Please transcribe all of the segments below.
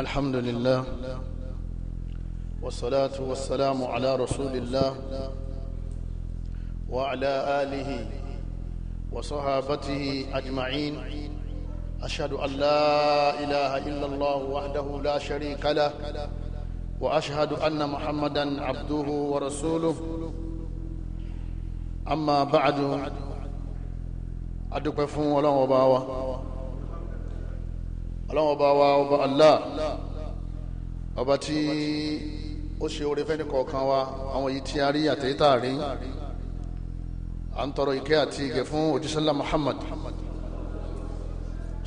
الحمد لله والصلاة والسلام على رسول الله وعلى آله وصحابته أجمعين أشهد أن لا إله إلا الله وحده لا شريك له وأشهد أن محمدا عبده ورسوله أما بعد أدوك فون ولا وباوة ọlọ́run ọba wa ọba Allah ọba tí ó ṣe oore fẹ́ni kọ̀ọ̀kan wa àwọn èyí tí a rí àtẹ̀yítà rí à ń tọrọ ìkẹ́ àti ìgẹ̀ fún òjísọ́lá Muhammad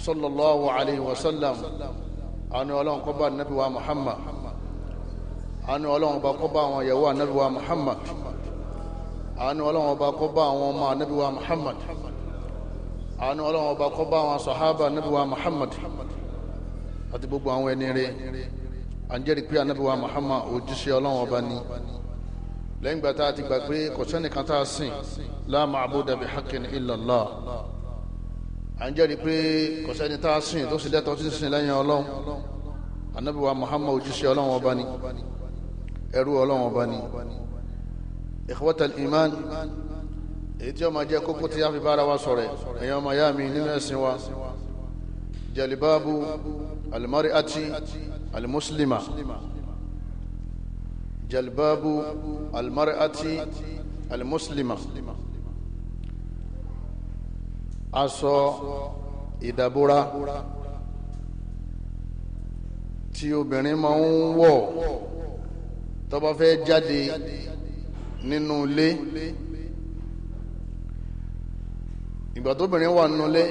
sallallahu alayhi wa sallam àánú ọlọ́run kó bá nabi wa Muhammad àánú ọlọ́run ọba kó bá àwọn ìyàwó nabi wa Muhammad àánú ọlọ́run ọba kó àwọn ọmọ nabi wa Muhammad àánú ọlọ́run ọba kó àwọn sàhábà nabi wa Muhammad àti gbogbo àwọn ẹni rẹ̀ à ń jẹ́rìí pé ànábì wa Muhammad òjíṣẹ́ ọlọ́run ọba ni lẹ́yìn ìgbà tá a ti gbà pé kò sẹ́nìkan tá a sìn la ma'buda bi haqqin illa pé kò sẹ́ni sìn tó sì lẹ́tọ̀ọ́ sí sìn lẹ́yìn ọlọ́run ànábì wa Muhammad òjíṣẹ́ ọba ni ẹrú ọlọ́run ọba ni ikhwatal iman èyí tí ó máa kókó tí a fi bára wa sọ̀rọ̀ ẹ̀yàn ọmọ yá mi nínú ẹ̀sìn wa jalibabu alimari ati alimuslima jalbabu alimari ati alimuslima aṣọ ìdàbora tí obìnrin máa ń wọ̀ tó bá fẹ́ jáde nínú ilé ìgbà tóbìnrin wà nínú ilé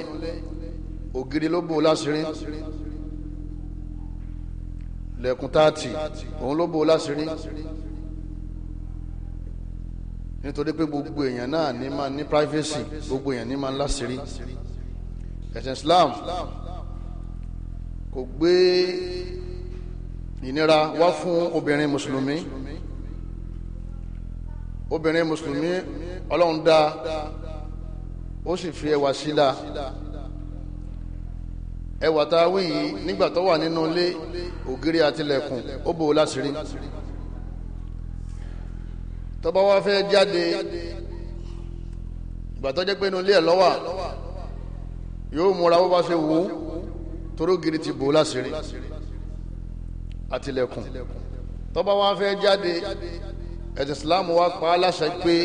ògiri ló bò láṣìírí lẹ́kùn táàtì òun ló bò ó láṣìírí nítorí pé gbogbo èèyàn náà ní máa ní privacy gbogbo èèyàn ní máa ń láṣìírí ẹ̀sìn Islam kò gbé ìnira wá fún obìnrin mùsùlùmí obìnrin mùsùlùmí ọlọ́run dá ó sì fi ẹwà sílá. Si ẹwà tá a wí yìí nígbà tó wà nínú ilé ògiri àtìlẹ̀kùn ó bò ó láṣìírí tó bá wá fẹ́ jáde ìgbà tó jẹ́ pé inú ilé ẹ̀ lọ́wà yóò múra bó bá ṣe wù ú torí ògiri ti bò ó láṣìírí àtìlẹ̀kùn tó bá wá jáde ẹ̀sìn Islam wa pa á láṣẹ pé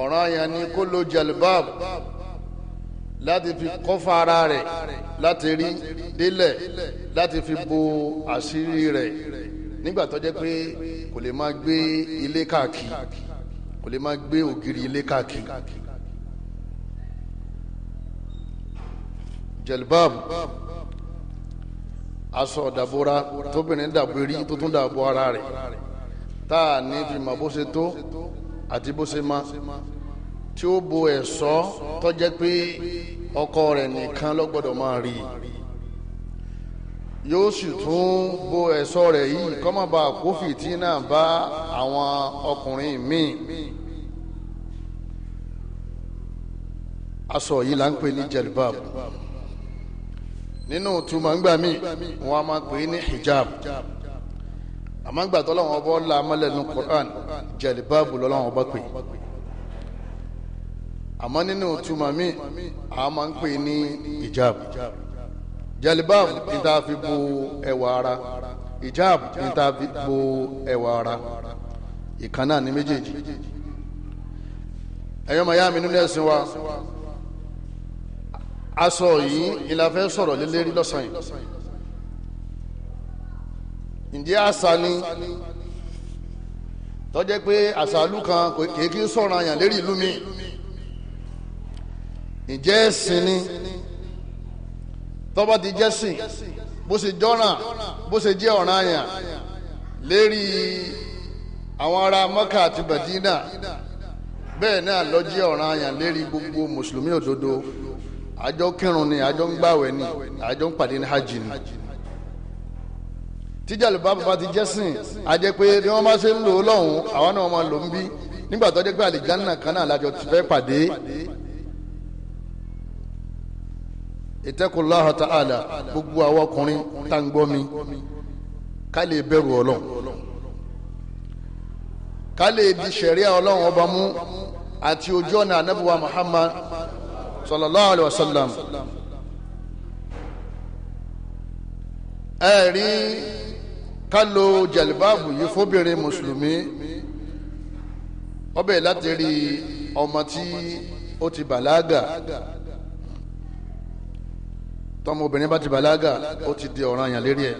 ọ̀ranyàn ni kó lo jalbab láti fi kọ́fà ara rẹ̀ láti rí délẹ̀ láti fi bo àṣírí rẹ̀ nígbà tó jẹ́ pé kò lè máa gbé ilé káàkiri kò lè máa gbé ògiri ilé káàkiri. jelbab aṣọ ọ̀dàbora tóbìnrin dàbò erí tó tún dàbò ara rẹ̀ tá a ní fi mà bó ṣe tó àti bó ṣe má tí ó bo ẹ̀ṣọ́ tó jẹ́ pé ọkọ rẹ̀ nìkan ló gbọ́dọ̀ máa rí yóò sì tún bo ẹ̀ṣọ́ rẹ̀ yìí kó má bàa kó bá àwọn ọkùnrin míì aṣọ yìí là ń pè ní jelibab nínú túmọ̀ ń gbà mí wọn a máa pè ní hijab àmọ́ ń gbà tó lọ́wọ́ ọba ọ̀la amálẹ̀ Qur'an jelibab lọ́wọ́ ọba pè é. àmọ́ nínú a máa ń pè ní ìjáàb jalibab ní ta fi bo ẹwà ara ìjáàb ní fi bo ẹwà ara ìkan ní méjèèjì màá yá mi nínú ẹ̀sìn wa aṣọ yìí ìlàfẹ́ sọ̀rọ̀ lélẹ́rí lọ́sàn yìí ǹjẹ́ àṣà ni kan sọ̀rọ̀ ǹjẹ́ ẹ̀sìn ni tọ́ba ti jẹ́sìn bó ṣe jọ́ràn bó ṣe jẹ́ ọ̀ràn àyàn lérí àwọn ará Mọ́kà àti Bàdínà bẹ́ẹ̀ náà ló jẹ́ ọ̀ràn àyàn lérí gbogbo mùsùlùmí òdodo àjọ kírun ni àjọ ń gbàwẹ̀ ni àjọ ń pàdé ní hajj ni tíjàlù bá bàbá ti jẹ́sìn àjẹ́ pé bí wọ́n bá ṣe ń lò ó lọ́hùn-ún àwọn náà máa ń bí nígbà tó jẹ́ pé àlìjánà kan náà ti fẹ́ pàdé ìtẹ́kùnláhà ta'ala gbogbo àwọn ọkùnrin tá ń gbọ́ mi ká lè bẹ̀rù ọlọ́run ká lè di ṣẹ̀ríà ọlọ́run ọba mú àti ojú ọ̀nà anábùwà muhammad sallallahu alayhi wa sallam ẹ rí ká lo jẹ̀lìbáàbù yìí fóbìnrin mùsùlùmí ọbẹ̀ láti rí ọmọ tí ó ti bàlágà tọmọbìnrin bá ti bàlágà ó ti di ọ̀ràn yàn lérí ẹ̀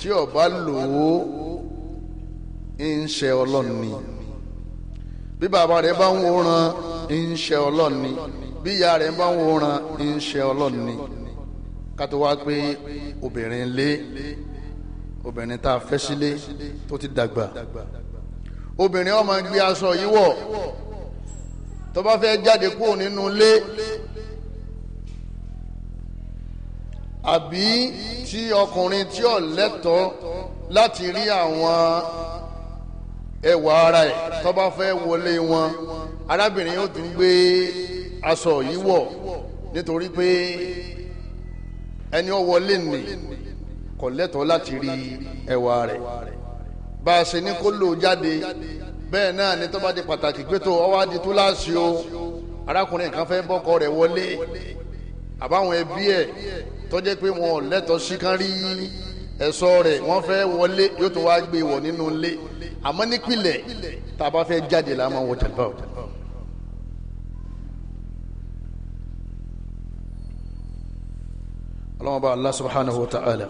tí ó lò ó ń ṣe ọlọ́run ni bí bàbá rẹ̀ bá ń wòran ń ṣe ọlọ́run ni bí ìyá rẹ̀ bá ń wòran ń ṣe ọlọ́run ni ká tó wá pé obìnrin lé obìnrin tá a fẹ́ sílé tó ti dàgbà obìnrin ọmọ gbé aṣọ yìí tó bá fẹ́ jáde kúrò nínú ilé àbí tí ọkùnrin tí ò lẹ́tọ̀ọ́ láti rí àwọn ẹwà ara ẹ̀ tó bá fẹ́ wọlé wọn arábìnrin yóò tún gbé aṣọ yìí wọ̀ nítorí pé ẹni ó wọlé nì kò lẹ́tọ̀ọ́ láti rí ẹwà rẹ̀ bá a ṣe ní kó lò jáde bẹ́ẹ̀ náà ni tó bá di pàtàkì pé tó ọwọ́ adi tó láṣìí arákùnrin kan fẹ́ bọ́kọ rẹ̀ wọlé àbáwọn ẹbí ẹ̀ tó jẹ́ pé wọn ò lẹ́tọ̀ọ́ sí kan rí ẹ̀ṣọ́ rẹ̀ wọ́n fẹ́ wọlé yóò tún wá gbé wọ̀ nínú ilé àmọ́ nípìnlẹ̀ tá a bá fẹ́ jáde la máa wọ jàlbá o. ọlọ́wọ́n bá Allah subhanahu wa ta'ala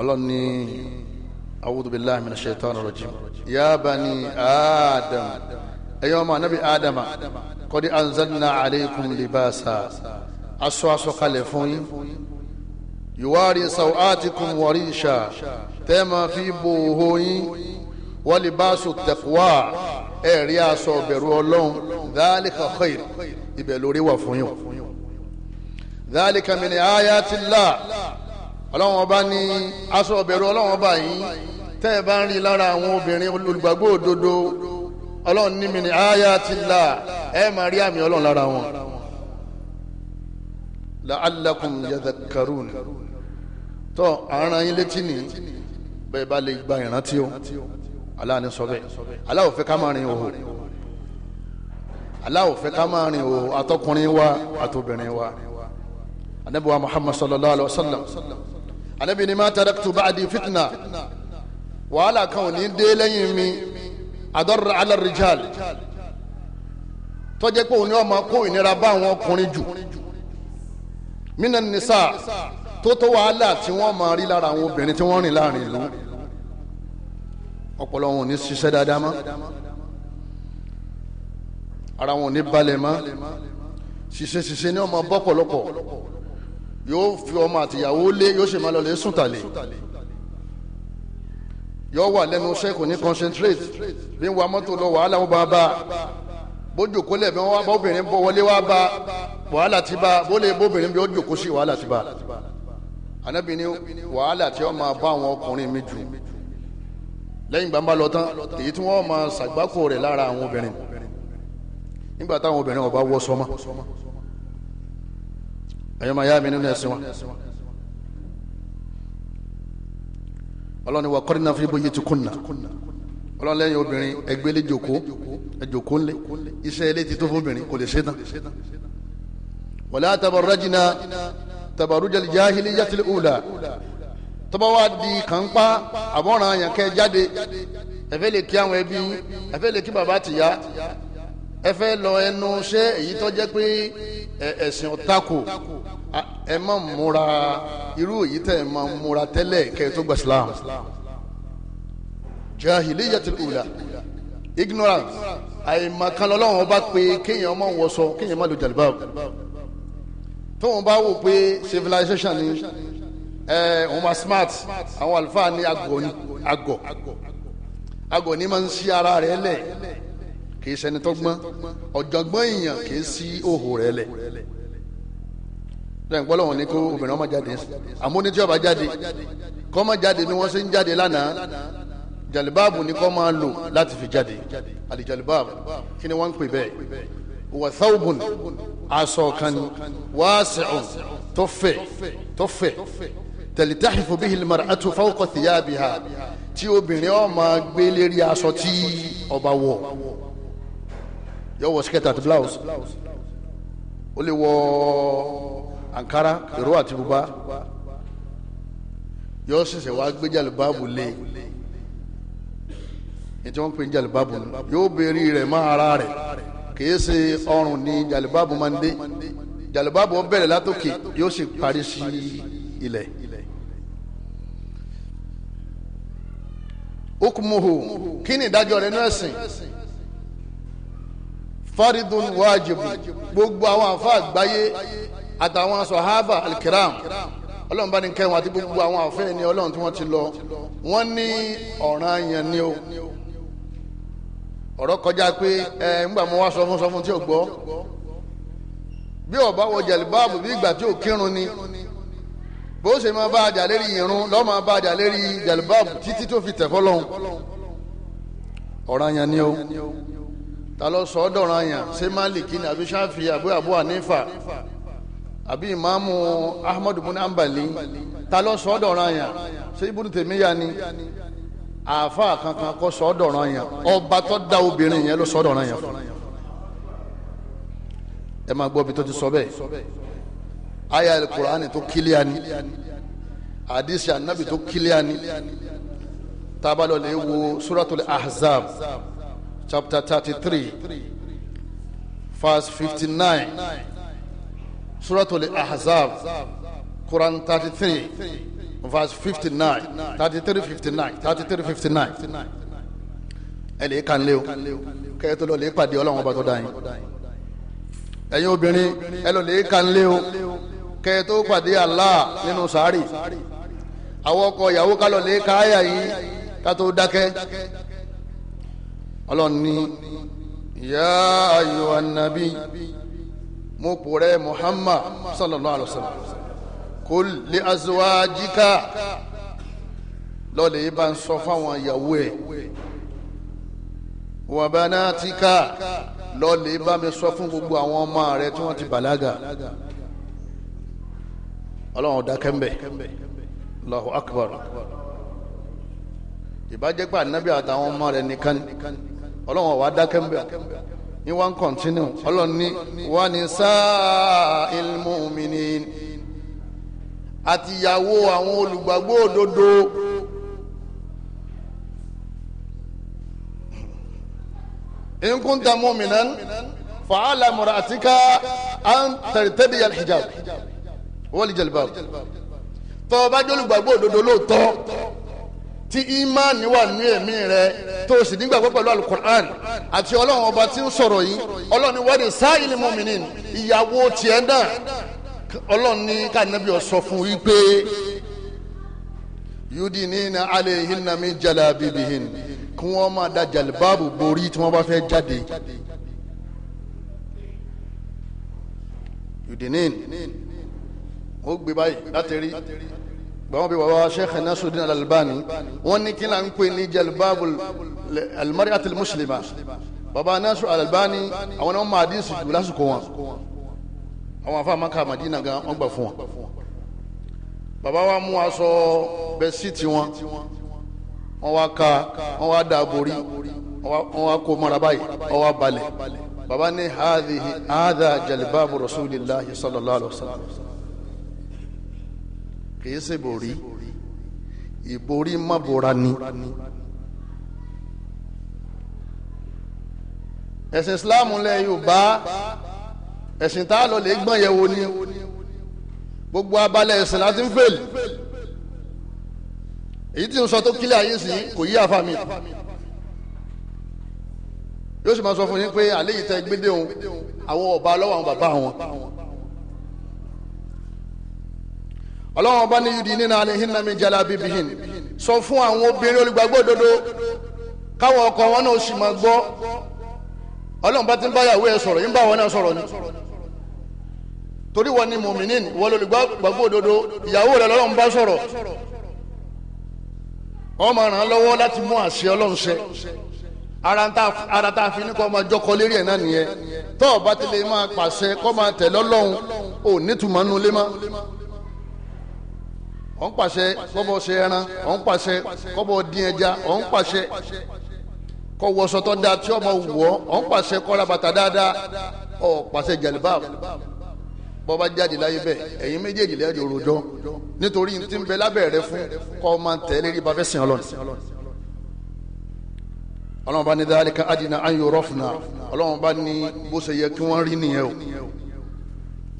ọlọ́run ní awúdú billahi mina shaitan rajim ya bani adam ẹ̀yọ́ ọmọ anabi adama kọ́dí anzalna alaykum libasa aṣọ aṣọ kalẹ̀ fún yín yuwari sawatikum warisha tẹ́ máa fi bo òhò yín walibasu taqwa ẹ̀rí aṣọ bẹ̀rù ọlọ́run dhalika khair ibẹ̀ lórí wà fún yín dhalika min ayatillah ọlọ́run ọba ní aṣọ bẹ̀rù ọlọ́run ọba yìí tẹ́ ẹ bá ń rí lára àwọn obìnrin olùgbàgbọ́ òdodo ọlọ́run ní min ayatillah ẹ máa rí àmì ọlọ́run lára wọn la'allakum yadhakkarun tó àárín yín létí ni bẹ́ẹ̀ bá lè gba ìrántí o aláàánú sọ bẹ́ẹ̀ aláwọ̀ fẹ́ ká máa rìn òhò aláwọ̀ fẹ́ ká máa rìn òhò àtọkùnrin wa àtobìnrin wa anabi wa muhammad sallallahu alaihi wa sallam anabi ni ma taraktu ba'di fitna wàhálà kan ò ní dé mi adarra ala rijal tó jẹ́ pé òun ni wọ́n máa kó ìnira bá àwọn ọkùnrin mina nisa tó tó wàhálà tí wọ́n máa rí lára àwọn obìnrin tí wọ́n rìn láàrin ìlú ọpọlọ wọn ò ní ṣiṣẹ́ dáadáa mọ́ ara wọn ò ní balẹ̀ mọ́ ṣiṣẹ́ ṣiṣẹ́ ni wọ́n máa bọ́ pọ̀lọpọ̀ yóò fi ọmọ àtìyàwó lé yóò ṣe máa lọ lè sùn tàlẹ̀ yóò wà lẹ́nu iṣẹ́ kò ní concentrate bí wàá mọ́tò lọ wàhálà wọn bá bá bójú kólẹ̀ bí wọ́n wá bá obìnrin bọ́ wọlé wá bá wàhálà ti bá bólè bóbìnrin bí ó jòkó sí wàhálà ti bá anabi ni wàhálà tí ó máa bá àwọn ọkùnrin mi jù lẹ́yìn gbàmbá lọ tán èyí tí wọ́n máa ṣàgbákò rẹ̀ lára àwọn obìnrin nígbà táwọn obìnrin ọba wọ sọmọ ẹ̀yọ́ máa yá mi nínú ẹ̀sìn wọn. ọlọ́ni wa kọ́rin fi bóyá ti kùnà ọlọ́ni obìnrin ẹgbẹ́lẹ́ jòkó ẹjòkó ńlẹ̀ iṣẹ́ ilé ti tó fún obìnrin kò lè ṣe tán. ولا tabarrajna tabarrujal jahiliyatil ula tọ́ba wa di kànpá àbọ̀ràn àyànkẹ́ jáde ẹ fẹ́ lè kí àwọn ẹbí ẹ fẹ́ lè kí bàbá tìyá ẹ fẹ́ lọ ẹnu ṣẹ́ èyí tó jẹ́ pé ẹ̀sìn ọ̀tako ẹ má múra irú èyí tẹ́ ẹ má múra tẹ́lẹ̀ kẹ́ tó gba Islam jahiliyatul ula ignorance àìmọ̀kan lọ́lọ́run ọba pé kéèyàn má wọṣọ kéèyàn má lo jalibab tóun bá wò pé civilization ni ẹ òun ma smart àwọn àlùfáà ní agọ ni agọ agọ ni máa ń ṣí ara rẹ̀ lẹ̀ kì í ṣẹni tọ́gbọ́n ọ̀jọ̀gbọ́n èèyàn kì í ṣí òhò rẹ̀ lẹ̀ lẹ́yìn pọ́lọ́ wọn ni kó obìnrin ọmọ jáde àmọ́ ní tí ọba jáde kọ́ jáde ni wọ́n ṣe ń jáde lánàá jàlibáàbù ni kọ́ máa lò láti fi jáde àlìjàlibáàbù kí ni wọ́n ń pè bẹ́ẹ̀ wa thawbun aṣọ kan wasi'un tó fẹ̀ tó fẹ̀ tẹlitahifu bihi almar'atu fawqa thiyabiha tí obìnrin ó máa gbé lérí aṣọ tí ó bá wọ̀ yóò wọ skirt àti blouse ó lè wọ ankara ìró àti bùbá yóò ṣẹ̀ṣẹ̀ wá gbé jàlùbáàbù lé ní tí wọn pè ní jàlùbáàbù yóò bẹ̀rẹ̀ rẹ̀ má ara rẹ̀ kìí ṣe ọrùn ni jàlùbáàbù máa ń dé jàlùbáàbù ó bẹ̀rẹ̀ látòkè yóò sì parí sí ilẹ̀. okumuhu kí ni ìdájọ́ rẹ̀ nínú ẹ̀sìn faridun wajibu gbogbo àwọn àfa àgbáyé àtàwọn sọ̀hábà alikiram ọlọ́run bá ní kẹwọn àti gbogbo àwọn àfẹ́ ni ọlọ́run tí wọ́n ti lọ wọ́n ní ọ̀ranyàn ni o. ọ̀rọ̀ kọjá pé ẹ ńgbà mo wá sọ fún sọ fún tí ò gbọ́ bí ọba wọ jẹlibáàbù bí ìgbà tí ò kírun ni bó ṣe máa bá àjà lérí irun lọ́ọ́ máa bá àjà lérí jẹlibáàbù títí tó fi tẹ̀fọ́ lọ́hùn ni o ta lọ sọ ṣé ni àbí Ṣáfì àbí àbí ìmáàmù Ahmadu Ambali ta lọ sọ ṣé àáfàá kankan kọ́ sọ́dọ̀ràn yẹn ọba tó dá obìnrin yẹn ló sọ́dọ̀ràn yẹn fún ẹ máa gbọ́ bí tó ti sọ bẹ́ẹ̀ aya alukur'ani tó kílíà ni hadisi anabi tó kílíà ni tábàlọ́ lè wo suratul ahzab chapter thirty three verse fifty nine suratul ahzab quran thirty three verse fifty nine thirty three fifty nine thirty three fifty nine ẹ lè kàn lé o kẹ́yẹ́ tó lọ lè pàdé ọlọ́run ọba tó dá yín ẹ̀yin obìnrin ẹ lọ lè kàn lé o kẹ́yẹ́ tó pàdé Allah nínú sàárì àwọn ọkọ ìyàwó ká lọ lè ka àyà yìí ká tó dákẹ́ ọlọ́run ní ya ayyuhan nabi mo pò rẹ Muhammad sallallahu alaihi sallam kul li azwajika lọ́ọ̀lẹ̀ yìí bá ń sọ fáwọn ìyàwó ẹ̀ wa banatika lọ́ọ̀lẹ̀ yìí bá mi sọ fún gbogbo àwọn ọmọ rẹ tí wọ́n ti bàlágà ọlọ́run dákẹ́ mbẹ́ Allahu akbar ìbájẹ́pẹ́ ànábì àtàwọn ọmọ rẹ nìkan ọlọ́run wà dákẹ́ mbẹ́ ni wọ́n ń kọ̀ntínú ọlọ́run ní wà sáà ilmú mi nìyí àtìyàwó àwọn olùgbàgbọ́ òdodo nkunta mu'minan fa'ala mura'atika an tẹ̀rẹ̀tẹ̀bi alhijab wọ́n jalbab tó bá jẹ́ olùgbàgbọ́ òdodo lóòótọ́ tí imaani wà ní ẹ̀mí rẹ tó o sì nígbàgbọ́ pẹ̀lú alukur'an àti ọlọ́run ọba tí ń sọ̀rọ̀ yìí ọlọ́run ni wọ́n di sáà ilé mu'minin ìyàwó ọlọ́run ní kànábì ó sọ fún yìí pé yudi nina alayhinna min jalabibihin kí wọ́n máa da jalibabu borí tí wọ́n bá fẹ́ jáde yudi nina ó gbé báyìí láti rí gbàwọn bí baba sheikh nasudin alalbani wọn ní kí n là ń pè ní jalibabu almariatul muslima baba nasu alalbani àwọn náà máa dín lásìkò wọn àwọn afa maka madina gan wọn gbà fún wọn bàbá wa mú aṣọ bẹsíìtì wọn wọn wá ka wọn wá da borí wọn wá kó mara báyìí wọn wá balẹ̀ bàbá ní hadhihi hadha jalibabu rasulillahi sallallahu alaihi wa sallam kì í ṣe borí ìborí má bora ni. ẹ̀sìn islam lẹ Yorùbá ẹ̀sìn tá a lọ lè gbọ́n wo ni gbogbo abalẹ̀ ẹ̀sìn láti ń fèlì èyí tí n sọ tó kílẹ̀ ayé sí kò yí mi yóò sì máa sọ fún yín pé àlẹ́ yìí tẹ́ gbédè òun àwọn ọba lọ́wọ́ àwọn bàbá wọn. ọlọ́wọ́n bá ní yudi nínú alẹ́ jala bíbí hin sọ fún àwọn obìnrin olùgbàgbọ́ òdodo káwọn ọkọ wọn náà sì máa gbọ́ ọlọ́wọ́n ti ń báyàwó ẹ sọ̀rọ̀ yín bá wọn náà sọ̀rọ̀ ni. torí wọn ni mòmìnín wọn ló gbàgbọ́ òdodo ìyàwó rẹ lọ́lọ́run bá sọ̀rọ̀ wọn máa ràn án lọ́wọ́ láti mú àṣẹ ọlọ́run ṣẹ ara tá a fi ní kó máa jọkọ lérí ẹ̀ náà nìyẹn tó o bá tilẹ̀ máa pàṣẹ kó máa tẹ̀lé ọlọ́run ò nítumọ̀ nínú lé má ọ̀ ń pàṣẹ kọ́bọ̀ ṣe ẹran ọ̀ ń pàṣẹ kọ́bọ̀ dín ẹja ọ̀ ń pàṣẹ kọ́ wọṣọ tó dáa tí ọmọ wù ọ́ ọ̀ ń pàṣẹ kọ́ra bàtà dáadáa ọ̀ pàṣẹ jàlíbáàbù bọ́ bá jáde láyé bẹ́ẹ̀ ẹ̀yin méjèèjì lẹ́yìn òròjọ́ nítorí tí ń bẹ lábẹ́ rẹ fún kọ́ ọ máa ń tẹ̀lé rí bàbá sìn ọlọ́run ọlọ́run bá ní dáríkà adìna ayò rọ́fùnà ọlọ́run bá ní bó ṣe yẹ kí wọ́n rí nìyẹn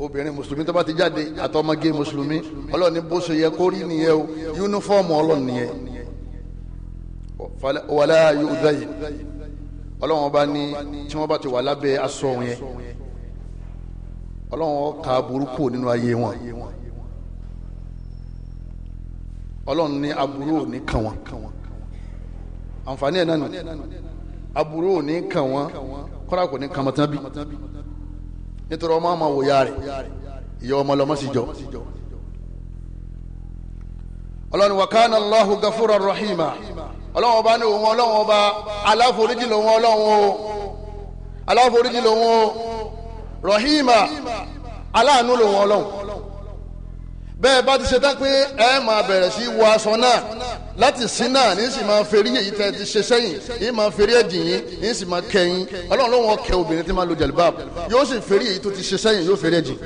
o obìnrin mùsùlùmí tó bá ti jáde àtọmọge mùsùlùmí ọlọ́run ní bó ṣe yẹ kó rí nìyẹn o yúnífọ́ọ̀mù ọlọ́run nìyẹn wàlá yóò dáyé ọlọ́run bá ní tí wọ́n bá ti wà lábẹ́ aṣọ yẹn ọlọ́run ka burúkú nínú ayé wọn ọlọ́run ní aburú ò ní kàn wọ́n àǹfààní ẹ̀ náà nù aburú ò ní kàn wọ́n kọ́ra kò ní kàn mọ́tán bí nítorí ọmọ ọmọ wòyà rẹ̀ ìyá ọmọ lọmọ sì jọ ọlọ́run wa kana Allahu gafura rahima ọlọ́run ọba ní òun ọlọ́run ọba aláforíjì lòun ọlọ́run o aláforíjì lòun o. rahima aláàánú lòun ọlọ́run bẹ́ẹ̀ bá ti ṣe tán pé ẹ máa bẹ̀rẹ̀ sí wọ aṣọ náà láti sin náà ní sì máa ferí èyí tẹ́ ti ṣe sẹ́yìn ní máa ferí ẹ̀jìn yín ní sì máa kẹ́yìn ọlọ́run ló wọn kẹ obìnrin tí máa lo jẹ̀lúbáàbù yóò sì ferí èyí tó ti ṣe sẹ́yìn yóò ferí ẹ̀jìn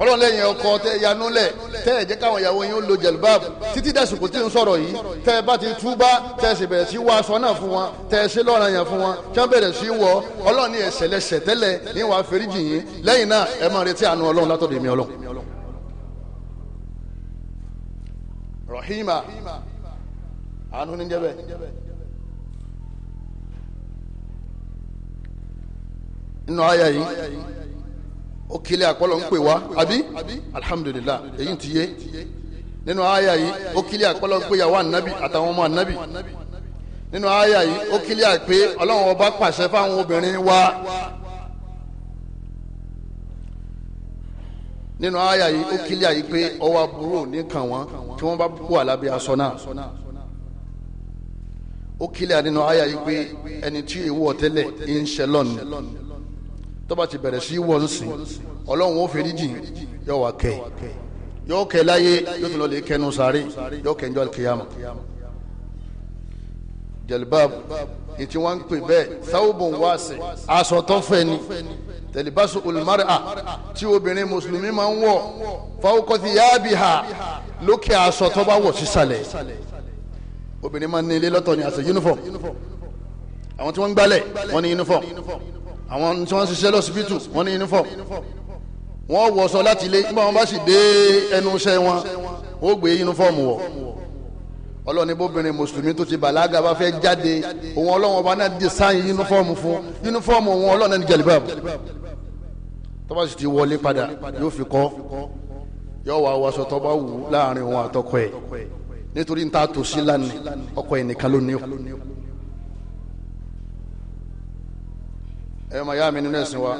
ọlọ́run lẹ́yìn ọkọ tẹ yanu lẹ̀ tẹ ẹ jẹ́ káwọn ìyàwó yín ó lo jẹ̀lúbáàbù títí dàsìkò tí ń sọ̀rọ̀ yìí tẹ ẹ bá ti túbá tẹ ẹ sì bẹ̀rẹ̀ sí wọ aṣọ náà fún wọn tẹ ẹ sí lọ́ra yẹn fún wọn tí wọ́n bẹ̀rẹ̀ sí wọ ọlọ́run ní ẹ̀ṣẹ̀ lẹ́ṣẹ̀ ní wàá fẹ́ríjì yín lẹ́yìn náà ẹ máa retí àánú ọlọ́run látọ̀dọ̀ èmi ọlọ́run. rahima àánú ní jẹ́ bẹ́ẹ̀ nínú yìí ó kílẹ̀ àkọlọ̀ ń pè wá àbí alhamdulilah èyí ti yé nínú àyà yìí ó kílẹ̀ àkọlọ̀ ń pè yàwó ànábì àtàwọn ọmọ ànábì nínú àyà yìí ó kílẹ̀ àpé ọlọ́run ọba pàṣẹ fáwọn obìnrin wa nínú aya yi ó kílẹ̀ àyè pé ọwọ́ aburú nìkan wọn tí wọ́n bá kú àlábẹ́ aṣọ náà ó kílẹ̀ nínú àyà yìí tí èèwọ̀ tẹ́lẹ̀ ń ṣe lọ́nù tó bá ti bẹ̀rẹ̀ sí wọ́n sìn ọlọ́run ó fèrè jìn yóò wá kẹ́ yóò kẹ́ láyé yóò tún lọ lè kẹnu sáré yóò kẹ́ njọ́ kíyàmù jẹlibab ètí wọn ń pè bẹ́ẹ̀ sáwùbùn wáṣẹ aṣọ tó fẹ́ ni tẹlifasu olùmọ́ra tí obìnrin mùsùlùmí máa ń wọ̀ fáwọkọ́sí yáàbí ha lókè aṣọ tó bá wọ̀ sísàlẹ̀ obìnrin máa ń ní ilé lọ́tọ̀ ní aṣọ uniform àwọn tí wọ́n ń gbálẹ̀ wọ́n ní uniform àwọn tí wọ́n ṣiṣẹ́ lọ́sibítù wọ́n ní uniform wọ́n wọṣọ láti ilé nígbà wọn bá sì dé ẹnu iṣẹ́ wọn ó gbé uniform wọ̀ ọlọ́ni bóbìnrin mùsùlùmí tó ti bàlágà bá fẹ́ jáde òun ọlọ́wọ́n bá náà design uniform fún uniform òun ọlọ́ni ní jẹ̀lẹ́bà tó bá sì ti wọlé padà yóò fi kọ́ yóò wá wọṣọ tó bá wù láàrin òun àtọkọ ẹ̀ nítorí níta tòṣí lánìí ọkọ ẹ̀ nìkan ló o. ẹ ma yá mi nínú ẹ̀sìn wa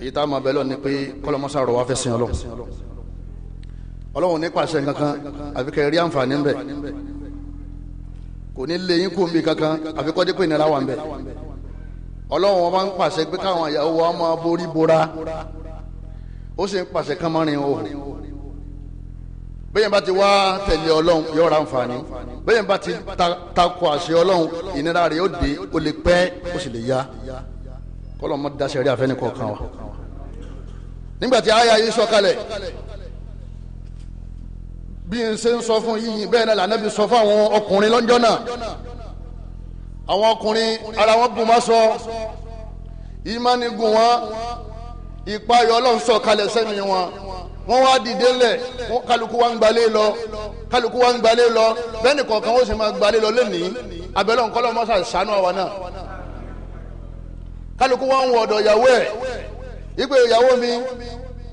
èyí tá a máa bẹ lọ ni pé kọlọmọsá rọ wá fẹ́ sin ọlọ Ọlọ́run ní pàṣẹ kankan àfi kẹ́ rí àǹfààní ń bẹ kò ní lé yín kú mi kankan àfi kọ́ dípò ìnira wà ń bẹ Ọlọ́run wọn bá ń pàṣẹ pé káwọn ìyàwó wa máa borí bora ó sì ń pàṣẹ kán mọ́rin o bẹ́ẹ̀ bá ti wá tẹ̀lé ọlọ́run yóò ra nfààní bẹ́ẹ̀ bá ti takò àṣẹ ọlọ́run ìnira rẹ̀ yóò dé ó lè pẹ́ ó sì lè yá kọ́lọ́ mọ́ daṣẹ́ rí àfẹ́ni kọ̀ọ̀kan wa. nígbà tí aya yìí sọ̀kalẹ̀ bí n ṣe ń sọ fún yìnyín bẹ́ẹ̀ náà lànàbí sọ fún àwọn ọkùnrin lọ́jọ́ náà àwọn ọkùnrin ara wọn bùn sọ ìmánigun wọn ìpayọ̀ ọlọ́run sọ̀kalẹ̀ sẹ́mi wọn wọ́n wá dìde lẹ̀ kálukú wá ń gbalẹ̀ lọ kálukú wá ń gbalẹ̀ lọ bẹ́ẹ̀ ni kọ̀ọ̀kan ó sì máa gbalẹ̀ lọ lẹ́nìí abẹ́lẹ́ ọ̀nkọ́lọ́ mọ́sá sànú àwa náà kálukú wá ń wọ ọ̀dọ̀ ìyàwó ẹ̀ ìpè ìyàwó mi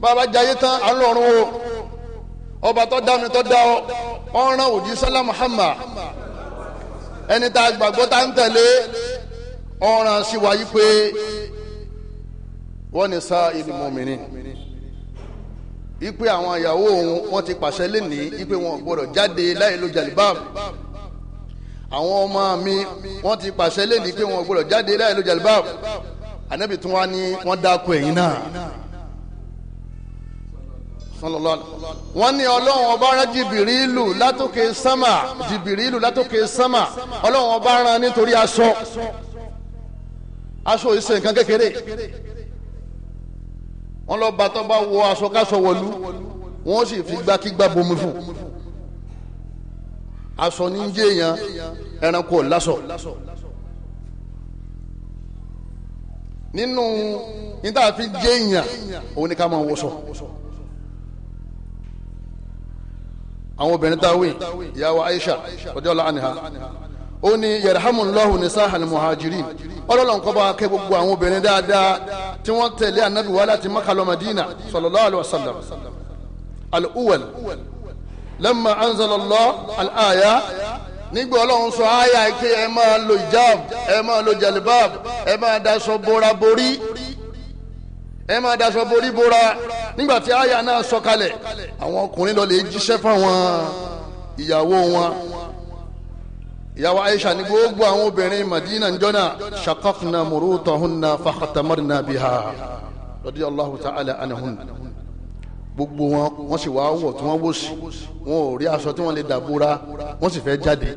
bàbá jayé tán à ń lọ́rùn o ọba tó dá mi tó dá ọ ọ̀ràn òjì sálá Muhammad ẹni tá a gbàgbọ́ tá ń tẹ̀lé ọ̀ràn sì wáyé pé wọ́n ní sá ìlú mọ́mìnrin ipe àwọn ìyàwó òun wọn ti pàṣẹ lẹ́nìí ipe wọn gbọ́dọ̀ jáde láì lo jalibab àwọn ọmọ mi wọn ti pàṣẹ lẹ́nìí pé wọn gbọ́dọ̀ jáde láì lo jalibab anabi tún wá ní wọn dáko ẹ̀yìn náà wọ́n ní ọlọ́run ọba rán jìbìrìlù látòkè sámà jìbìrìlù látòkè sámà ọlọ́run ọba rán nítorí aṣọ aṣọ ìṣe nǹkan kékeré wọn lọ bá tó bá wọ aṣọ káṣọ wọlú wọn sì fi gbákígbá bomi fún aṣọ ní jẹ yẹn ẹranko lásọ nínú níta fi jẹ yẹn òun ni ká máa wọṣọ àwọn obìnrin táwé ìyàwó Aisha ọjọ́ la àníhà ó ní yarhamulahu nisahal muhajirin ọlọ́lọ́n kọ́ bá kẹ́ gbogbo àwọn obìnrin dáadáa tí wọ́n tẹ̀lé anabi wa láti Makka lọ Madina sallallahu alayhi wa sallam al-uwal lamma anzalallah al-aya nígbà ọlọ́run sọ àyà kí ẹ máa lo ìjáàb ẹ máa lo jalibab ẹ máa daṣọ bora borí ẹ máa daṣọ borí bora nígbà tí àyà náà sọ kalẹ̀ àwọn ọkùnrin lọ lè jíṣẹ́ fáwọn ìyàwó wọn ìyàwó aisha ní gbogbo àwọn obìnrin madina njọ́nà shakafna murutahunna fakhatamarna biha radiyallahu ta'ala anahunna gbogbo wọn wọn sì wáá wọ tí wọn wò sí wọn ò rí aṣọ tí wọn lè dàbúra wọn sì fẹ́ jáde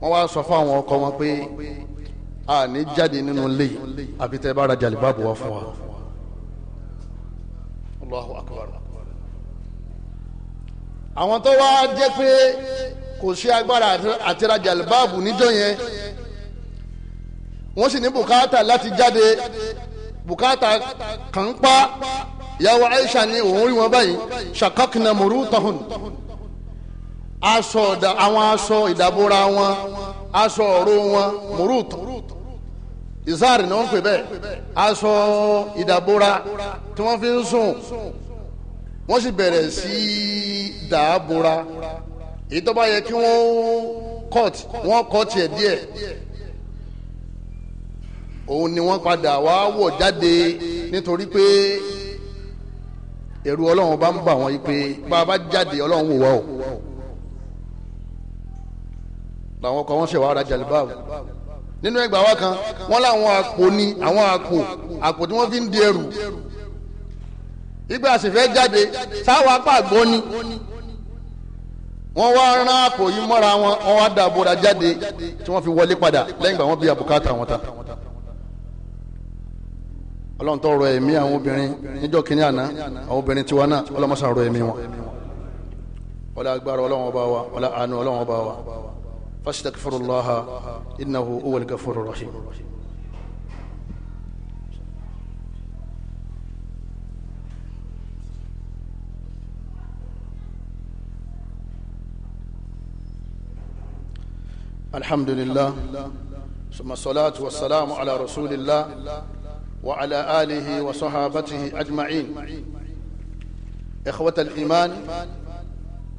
wọn wá sọ fún àwọn ọkọ wọn pé a ní jáde nínú ilé àfi tẹ bá ra jàlíbáàbù wá fún wa. àwọn tó wá jẹ́ pé kò sí agbára àti rajà báàbù níjọ́ yẹn wọ́n sì ní bùkátà láti jáde bùkátà kàn pa ìyàwó Aisha ní òun rí wọn báyìí shakakna murutahun aṣọ àwọn aṣọ ìdàbòra wọn aṣọ ọ̀rọ̀ wọn murutahun izar ni wọn pè bẹ́ẹ̀ aṣọ ìdàbòra tí wọn fi ń sùn wọn sì bẹ̀rẹ̀ sí í èyí tó bá yẹ kí wọ́n cut wọ́n cut ẹ̀ díẹ̀ òun ni wọ́n padà wá wọ̀ jáde nítorí pé ẹ̀rù ọlọ́run bá ń bà wọ́n yí pé bá a bá jáde ọlọ́run wò wá o làwọn kan wọ́n ṣèwà ara jàlùbá o nínú ẹgbàá wa kan wọ́n láwọn àpò ni àwọn àpò àpò tí wọ́n fi ń di ẹrù ìgbà àṣìfẹ́ jáde sáwọn apá àgbọ́n ni wọ́n wá rán àpò yìí mọ́ra wọn wọ́n wá dà bóra jáde tí wọ́n fi wọlé padà lẹ́yìn ìgbà wọ́n bí àbùkátà wọn ta ọlọ́run tó rọ ẹ̀mí àwọn obìnrin níjọ́ kínní àná àwọn obìnrin tiwa náà ọlọ́mọṣà rọ ẹ̀mí wọn ọlá agbára ọlọ́run ọba wa ọlá àánú ọlọ́run ọba wa fastaghfirullaha innahu huwal ghafurur rahim. الحمد لله ثم الصلاة والسلام على رسول الله وعلى آله وصحابته أجمعين إخوة الإيمان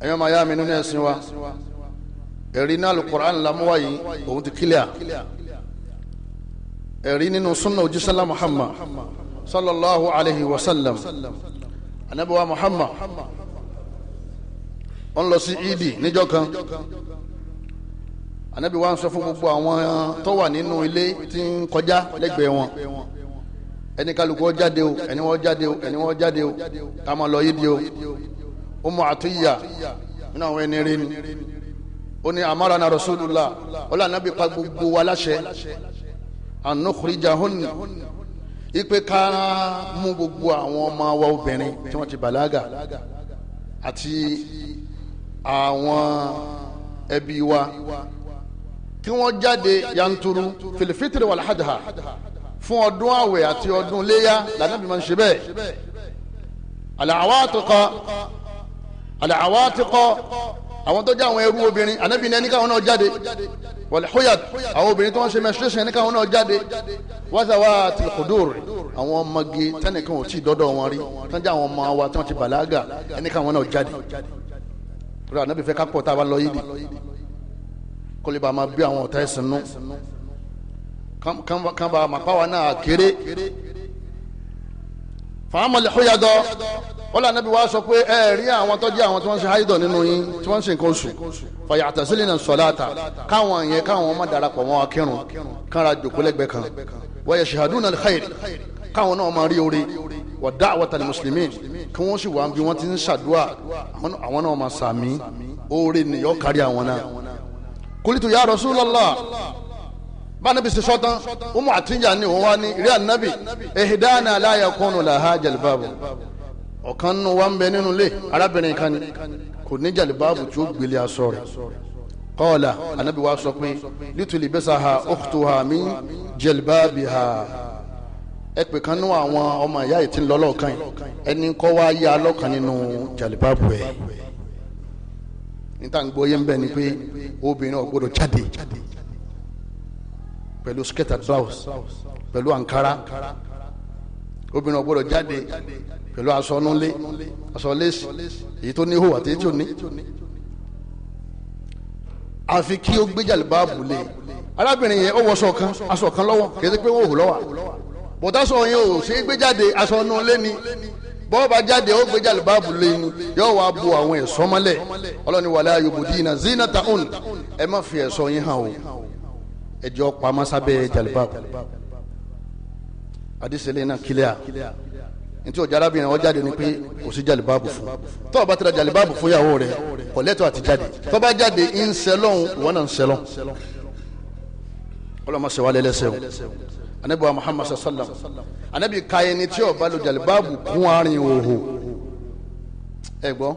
أيما يا من الناس ẹ̀rínà alukur'an lamuwa yìí òun ti kílíà ẹ̀rí nínú sunna ojúsọ́lá muhammad sallallahu alayhi wa sallam anabiwa muhammad ó ń lọ sí ìdí níjọ́ kan anabi wa ń sọ fún gbogbo àwọn tó wà nínú ilé tí ń kọjá lẹ́gbẹ̀ẹ́ wọn ẹni kálukú ó jáde o ẹni wọ́n jáde o ẹni wọ́n jáde o ká máa lọ yídìí o Ummu Atiyya nínú àwọn ẹni rí ni ó ní amarana rasulullah ó lọ anabi pa gbogbo wa láṣẹ an nukhrijahunna ipe ká mú gbogbo àwọn ọmọ wa obìnrin tí wọ́n ti bàlágà àti àwọn ẹbí wa kí wọ́n jáde yanturu filifitiri walhadha fún ọdún àwẹ̀ àti ọdún léyà lànàbí máa ń ṣe bẹ́ẹ̀ àlàáwátìkọ àlàáwátìkọ àwọn tó jẹ́ àwọn ẹrú obìnrin ànábì ní káwọn náà jáde walhuyad àwọn obìnrin tó ń ṣe menstruation ní káwọn náà jáde wáṣàwá tìlùkùdùr àwọn ọmọge tẹnìkan ò tí ì dọ́dọ̀ wọn rí tán jẹ́ àwọn ọmọ wa tí wọ́n ti bàlágà ẹni káwọn náà jáde rẹ ànábì fẹ́ ká pọ̀ tá a bá lọ yìí kó lè bá máa bí àwọn ọ̀tá ẹ̀sìn nú kán bá máa pàwọn náà kéré fàámọ̀lẹ̀ hóyàdọ̀ ọlọ́ anábì wa sọ pé ẹ rí àwọn tó jẹ́ àwọn tí wọ́n ń ṣe háyìdọ̀ nínú yín tí wọ́n ń ṣe nǹkan oṣù fàyàtọ̀ sílẹ̀ náà sọ̀láàtà káwọn yẹn káwọn má darapọ̀ wọn akẹ́rùn kára jòkó lẹ́gbẹ̀ẹ́ kan wọ́n yẹ náà káyìrì káwọn náà máa rí orí wọ́n dá àwọn mùsùlùmí kí wọ́n sì wà bí wọ́n ti ń ṣàdúrà àwọn náà máa sàmí oore nìyọ́ àwọn náà kulitu ya Rasulullah banabi ṣe sọtán umu atiya ni wọn wá ní ìrẹ anabi ehidana la yakunu laha jalibabu ọ̀kan nínú wa ń bẹ nínú ilé arábìnrin kan ni kò ní jalibabu tí ó gbélé aṣọ rẹ̀ kọ́ọ̀là anabi wa sọ pé lítúlì bẹ́sà ha ọ̀kùtù ha mi jalibabi ha ẹ kan nínú àwọn ọmọ ìyá yìí ti ń lọ́lọ́ọ̀kan yìí ẹni kọ́ wá yá lọ́kàn nínú jalibabu ẹ̀ níta ń gbọ́ yé ń bẹ̀ ni pé obìnrin ò jáde pẹ̀lú skirt and blouse pẹ̀lú ankara obìnrin ò gbọ́dọ̀ jáde pẹ̀lú aṣọ nulẹ̀ aṣọ lẹ́sì èyí tó ní ihò àti èyí tó ní àfi kí ó gbé jàlibáàbù lé arábìnrin yẹn ó wọṣọ kan aṣọ kan lọ́wọ́ kì í ṣe pé wọ́n hù lọ́wọ́ bọ̀dá sọ yẹn ò ṣe é gbé jáde aṣọ nulẹ̀ ni bọ́ọ̀bà jáde ó gbé jàlùbá àbúlé yín yóò wá bu àwọn ẹ̀ṣọ́ mọ́lẹ̀ ọlọ́ni wàlẹ́ ayọ̀bùdínà zinata un ẹ má fi ẹ̀ṣọ́ yín hàn o ẹjọ́ pamọ́ sábẹ́ jàlùbá àdìsẹ́lẹ̀ náà kílíà ntí ọjà arábìnrin wọn jáde ni pé kò sí jàlibáàbù fún tọ́ ọ bá tẹ̀lé jàlibáàbù fún ìyàwó rẹ kò lẹ́tọ̀ àti jáde tọ́ bá jáde ń sẹlọ́n ìwọ náà ń sẹlọ́n ọlọ́mọ sẹ́wálẹ́lẹ́sẹ̀ o anabi wa muhammad sallam anabi kaye ni tí o bá lo jalibabu kún arin òhò ẹ gbọ́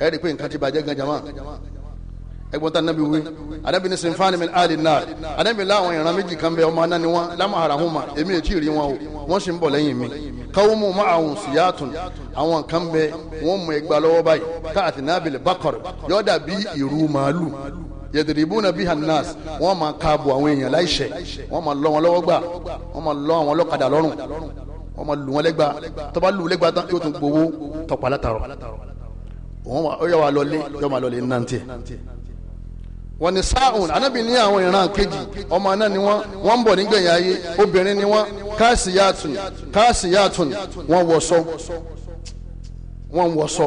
ẹ rí i pé nǹkan ti bàjẹ́ gan jama ẹ anabi wí anabi ní sinfani min ali náà anabi láwọn ìran méjì kan bẹ ọmọ aná ni wọn lámà ma èmi ò tí ì o wọn sì ń bọ̀ lẹ́yìn mi kawumu ma'ahun siyatun àwọn kan bẹ wọn mú ẹgbàá lọ́wọ́ báyìí káàtì nábìlì bakọr yọ̀ọ́dà bí ìrù màálù. yadribuna biha nas wọ́n máa bu àwọn èèyàn wọn máa lọ wọn lọ́wọ́ gbà wọ́n máa lọ àwọn ọlọ́kadà máa lù wọn lẹ́gba tó lù lẹ́gba tán yóò tún gbowó tarọ tààrọ̀ wọ́n yà wà lọlé yọ máa lọlé nàntì wọ́n ní sáhùn anábì ní àwọn ìran kejì ọmọ náà ni wọ́n wọ́n ń bọ̀ nígbẹ̀yìn ayé obìnrin ni wọ́n káàsìyàtùn káàsìyàtùn wọ́n wọ̀ṣọ wọ́n wọ̀ṣọ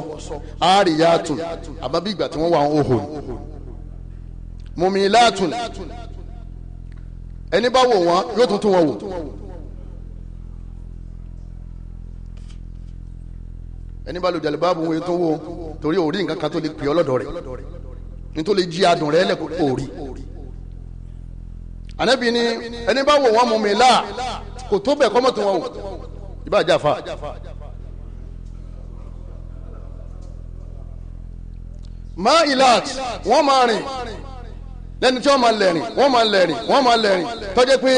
àárìyàtùn àbábí ìgbà tí wọ́n wà mumilatun ẹni bá wò wọn yóò tuntun wọn wò ẹni bá lo jàlibáàbù wọn tó wò torí òrí nǹkan kan tó lè pè ọ́ lọ́dọ̀ rẹ̀ nítorí jí adùn rẹ̀ lẹ́kọ̀ọ́ òrí ànábì ni ẹni bá wò wọn mumila kò tó bẹ̀ kọ́mọ̀tò wọn wò ibà jàfa. máa ìlàt wọ́n máa rìn lẹ́nu tí wọ́n máa lẹ̀rìn wọ́n máa lẹ̀rìn wọ́n máa lẹ̀rìn tọ́jú pé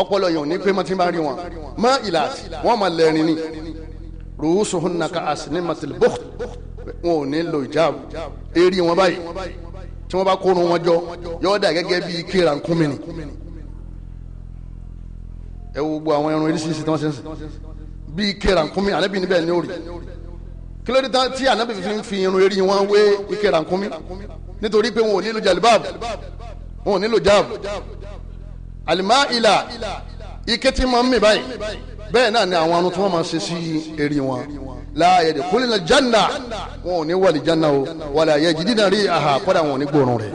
ọpọlọ yẹn ò ní pé mọ́tí bá rí wọn mọ́ ìlàsì wọ́n máa lẹ̀rìn ni ruusuhunna ka asinimatil bukht wọn ò ní lo ìjáàbù eré wọn báyìí tí wọ́n bá kórun wọn jọ yóò dà gẹ́gẹ́ bí kéèrà nkúmi ni ẹ wo gbogbo àwọn ẹran oríṣiríṣi tí wọ́n ṣe ń sìn bíi kéèrà nkúmi ànábì níbẹ̀ ní òrì kí ló dé tí ànábì fi irun eré wọn wé kéèrà nkúmi nítorí pé wọn ò nílò jalibab wọn ò nílò jab alima ila ike tí ma ń mi báyìí bẹ́ẹ̀ náà ni àwọn anu tí wọ́n máa ṣe sí eré wọn láàyè de kúlẹ̀ náà janna wọn ò ní wàlí janna o wàlẹ̀ àyè jìdí náà rí aha kọ́dà wọn ò ní gbòòrùn rẹ̀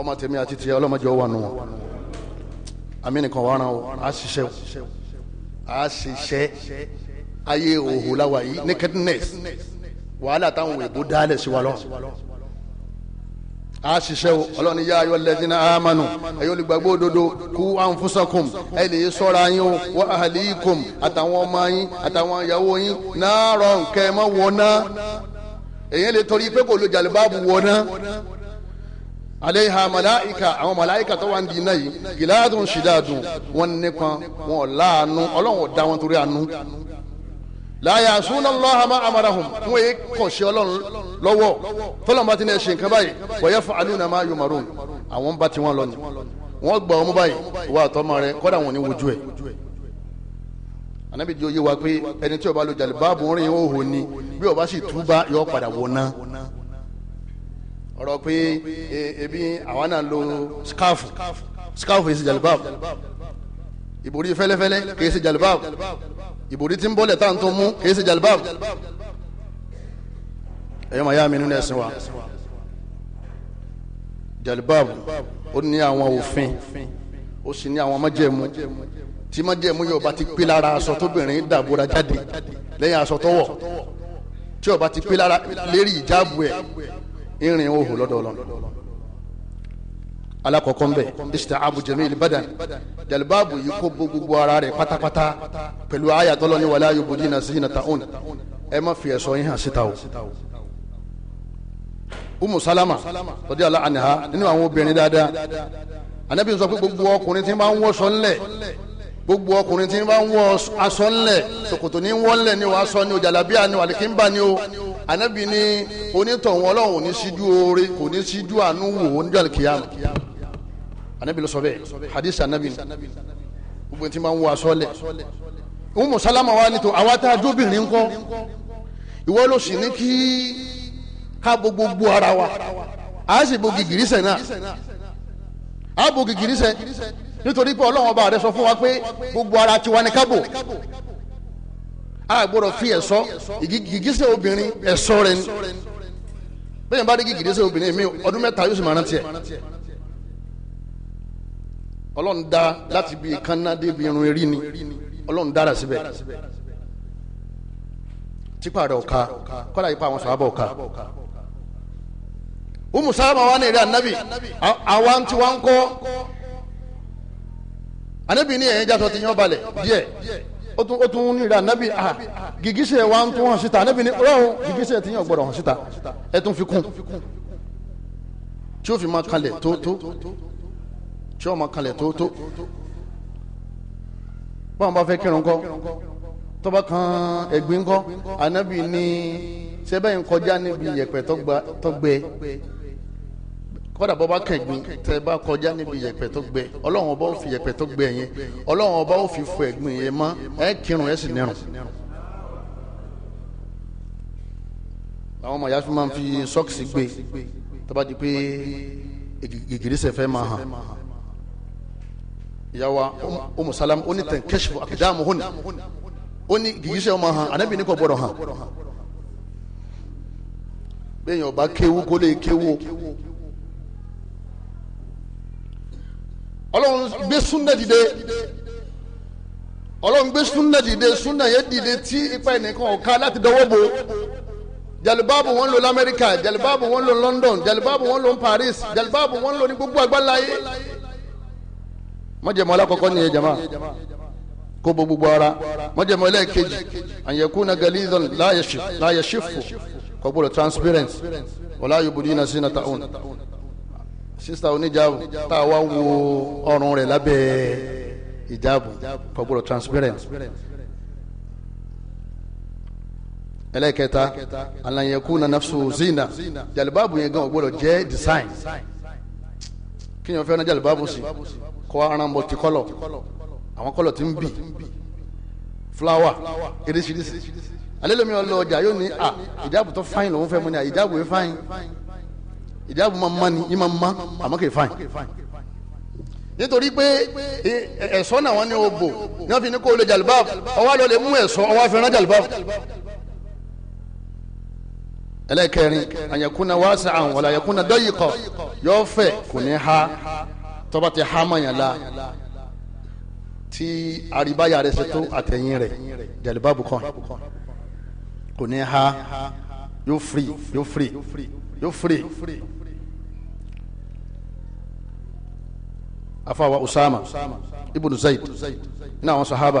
ọmọ tèmi àti tìyà ọlọ́mọdé ọwọ́ àánú wọn àmì nìkan wàràn o a ṣiṣẹ́ o a ṣiṣẹ́ ayé òhò láwa yìí nakedness wàhálà táwọn òyìnbó dálẹ̀ sí wa lọ́rùn a ṣiṣẹ́ o ọlọ́run ní yá ayọ́ lẹ́dínà àmánu ẹ̀yọ́ olùgbàgbọ́ òdodo kú àǹfùsàkùm ẹ̀ lè sọ́ra yín o wọ́n àhàlíkùm àtàwọn ọmọ yín àtàwọn ìyàwó yín náà rọ nkẹ́ mọ́ wọná èyàn lè torí pé kò lo jàlùbáàbù wọná aleha malaika àwọn malaika tó wà ń dínà yìí gìláàdùn ṣìdáàdùn wọn nípa wọn ò ọlọ́run ò wọn torí àánú láyà súnà lọ́hàmà amarahùn fún èyí kò ṣe ọlọ́run lọ́wọ́ tọ́lọ́mù bá ti ní ẹ̀ṣẹ̀ nǹkan báyìí wọ́yẹ fún alúna máa yọ màrún àwọn bá ti wọ́n lọ ni wọ́n gbọ́ ọmọ báyìí ìwà àtọ́mọ rẹ kọ́dà wọn ò ní wojú ẹ̀ anabi di oye wa pé ẹni tí ó bá lo jalibabu rin o ho ni bí ó bá sì túbà yọ padà wọná ọ̀rọ̀ pé e, ebi àwa náà lo skáfù skáfù kì í ṣe jalibabu ìbòrí fẹ́lẹ́fẹ́lẹ́ kì í ṣe jalibabu ìbòrí tí ń bọ́lẹ̀ tá à ń tó mú kì í ṣe jalibab ẹ̀yọ́ màá yá mi nínú ẹ̀sìn wa jalibab ó ní àwọn òfin ó sì ní àwọn májẹ̀mú tí májẹ̀mú yóò bá ti pé lára aṣọ tóbìnrin dàbòrà jáde lẹ́yìn aṣọ tọ́wọ̀ tí ó ti pé lára lérí ìjáàbù ẹ̀ ìrìn òhò lọ́dọọlọ́dọ alakọkọ nbẹ istaabu jamil badan jalibaabu yìí kó bo gbogbo ara rẹ̀ pátápátá pẹ̀lú aya tọlọ ni wala yubudina zinatahun ẹ má fi ẹ̀ṣọ́ yín hàn síta o umu salama tọdí ala aniha nínú àwọn obìnrin dáadáa anabi sọ pé gbogbo ọkùnrin tí ń bá ń wọṣọ ńlẹ̀ gbogbo ọkùnrin tí ń bá ń wọ aṣọ ńlẹ̀ ṣòkòtò ní wọ́n ńlẹ̀ ni wọ́n aṣọ ni o jàlábíà ni o àlìkínbà ni o anabi ni onítọ̀hún ọlọ́run ò ní síjú oore kò ní síjú àánú wò ó níjọ́ àlìkíyàmù anabi ló sọ bẹ́ẹ̀ hadith anabi gbogbo tí máa ń wọ aṣọ ń mùsálámà wa ni tó àwa tá a jóbìnrin ńkọ́ ìwọ ló sì ní kí ká bo gbogbo ara wa a sì bo gìgìrísẹ̀ náà a bo gìgìrísẹ̀ nítorí pé ọlọ́run ọba rẹ sọ fún wa pé gbogbo ara tiwa ni kábò a gbọ́dọ̀ fi ẹ̀ṣọ́ gìgísẹ̀ obìnrin ẹ̀ṣọ́ rẹ ni bẹ́ẹ̀ bá rí gìgísẹ̀ obìnrin mi ọdún mẹ́ta yóò sì máa rántí ẹ̀ ọlọ́run dá láti bí kánná débi irun erí ni ọlọ́run dára síbẹ̀ tipa rẹ̀ ọ̀ka kọ́lá ipa àwọn sọ̀rọ̀ ọ̀ka umu sábà wà ní eré anabi àwa ti wá ń kọ́ anabi ní ẹ̀yẹ́n jásọ ti yán balẹ̀ díẹ̀ ó tún ó tún ní ìrà nábì à gìgísẹ̀ wa ń tún hàn síta nábì ní ọlọ́run gìgísẹ̀ tí yàn gbọ́dọ̀ hàn síta ẹ tún fi kún tí ó fi máa kalẹ̀ tó tó tí ọmọ kanlẹ̀ tó tó báwọn bá fẹ́ kírun kọ́ tọ́ba kan ẹ̀gbin kọ́ anabi ní sẹ́bẹ̀ ń kọjá níbi yẹ̀pẹ̀ tọ́gbẹ kọ́dà bọ́ bá kẹ̀gbin tẹ́ bá kọjá níbi yẹ̀pẹ̀ tọ́gbẹ ọlọ́run ọba ò fi yẹ̀pẹ̀ tọ́gbẹ yẹn ọlọ́run ọba ò fi fọ ẹ̀gbin yẹn mọ́ ẹ kírun ẹ sì nírun. àwọn ọmọ yàtọ̀ máa ń fi sọ́ọ̀kì sí gbé tọ́ba di pé gègèrè sẹ̀fẹ̀ máa hàn. Yawa Umu Salama ó ní tẹ̀ kẹ́sìfù oni hùn ó ní gìgísẹ̀ ọmọ hàn ànábì ní kò gbọdọ̀ hàn bẹ́ẹ̀ni ọba kéwu kó lè kéwu ọlọ́run gbé súnà dìde ọlọ́run gbé súnà dìde súnà yẹn dìde tí ipa ẹnìkan ọ̀ka láti dọwọ́ bo jalibaabu wọn lo lamẹ́ríkà jalibaabu wọn lò London jalibaabu wọn lò Paris jalibaabu wọn lo ni gbogbo agbalaye mọ́jẹ̀mọ́ alákọ̀ọ́kọ́ ni ẹ̀ jama kó bo gbogbo ara mọ́jẹ̀mọ́ ẹlẹ́ẹ̀kejì àyẹ̀kúnà galizan láyẹ̀ṣífò kọ́gbọ́dọ̀ transparent wọlá yubudina sínú taun sista oníjàbù tá a wá wo ọrùn rẹ̀ lábẹ́ ìjàbù kọ́gbọ́dọ̀ transparent ẹlẹ́ẹ̀kẹta àlàyẹ̀kúnà nafsu zina jalibabu yẹn gan ó gbọ́dọ̀ jẹ́ design. design kínyàn fẹ́ nájà lùbáàbò sí kọ́ ara mọ̀tìkọ́lọ̀ àwọn kọ́lọ̀ ti ń bì fúláwà eréṣiríṣi alẹ́ lómi ọlọ ọjà yóò ní à ìjáàbù tó fáyìn lòún fẹ́ mu ni à ìjáàbù yẹn fáyìn ìjáàbù máa ma ni yín máa ma àmọ́ kì í fáyìn nítorí pé e, e, ẹ̀ṣọ́ náà wọ́n ní o bò ní wọ́n fi ní kó o lè jàlùbáàbù ọwọ́ àlọ́ lè mú ẹ̀ṣọ́ ọwọ́ àfẹ́ràn jàlùbáàbù ẹlẹ́kẹrin àyẹ̀kúnna wàásù àwọn wàlà àyẹ̀kúnna dọ́yìkọ̀ yọ fẹ̀ kò ní ha tọ́ba ti ha mọ̀yàn la tí àríbáyà rẹ̀ ṣètò àtẹ̀yìn rẹ̀ jẹ̀lẹ́bàbù kan kò ní ha yóò firi yóò firi yóò firi afawa usama ibùdó zayid ní àwọn sahaba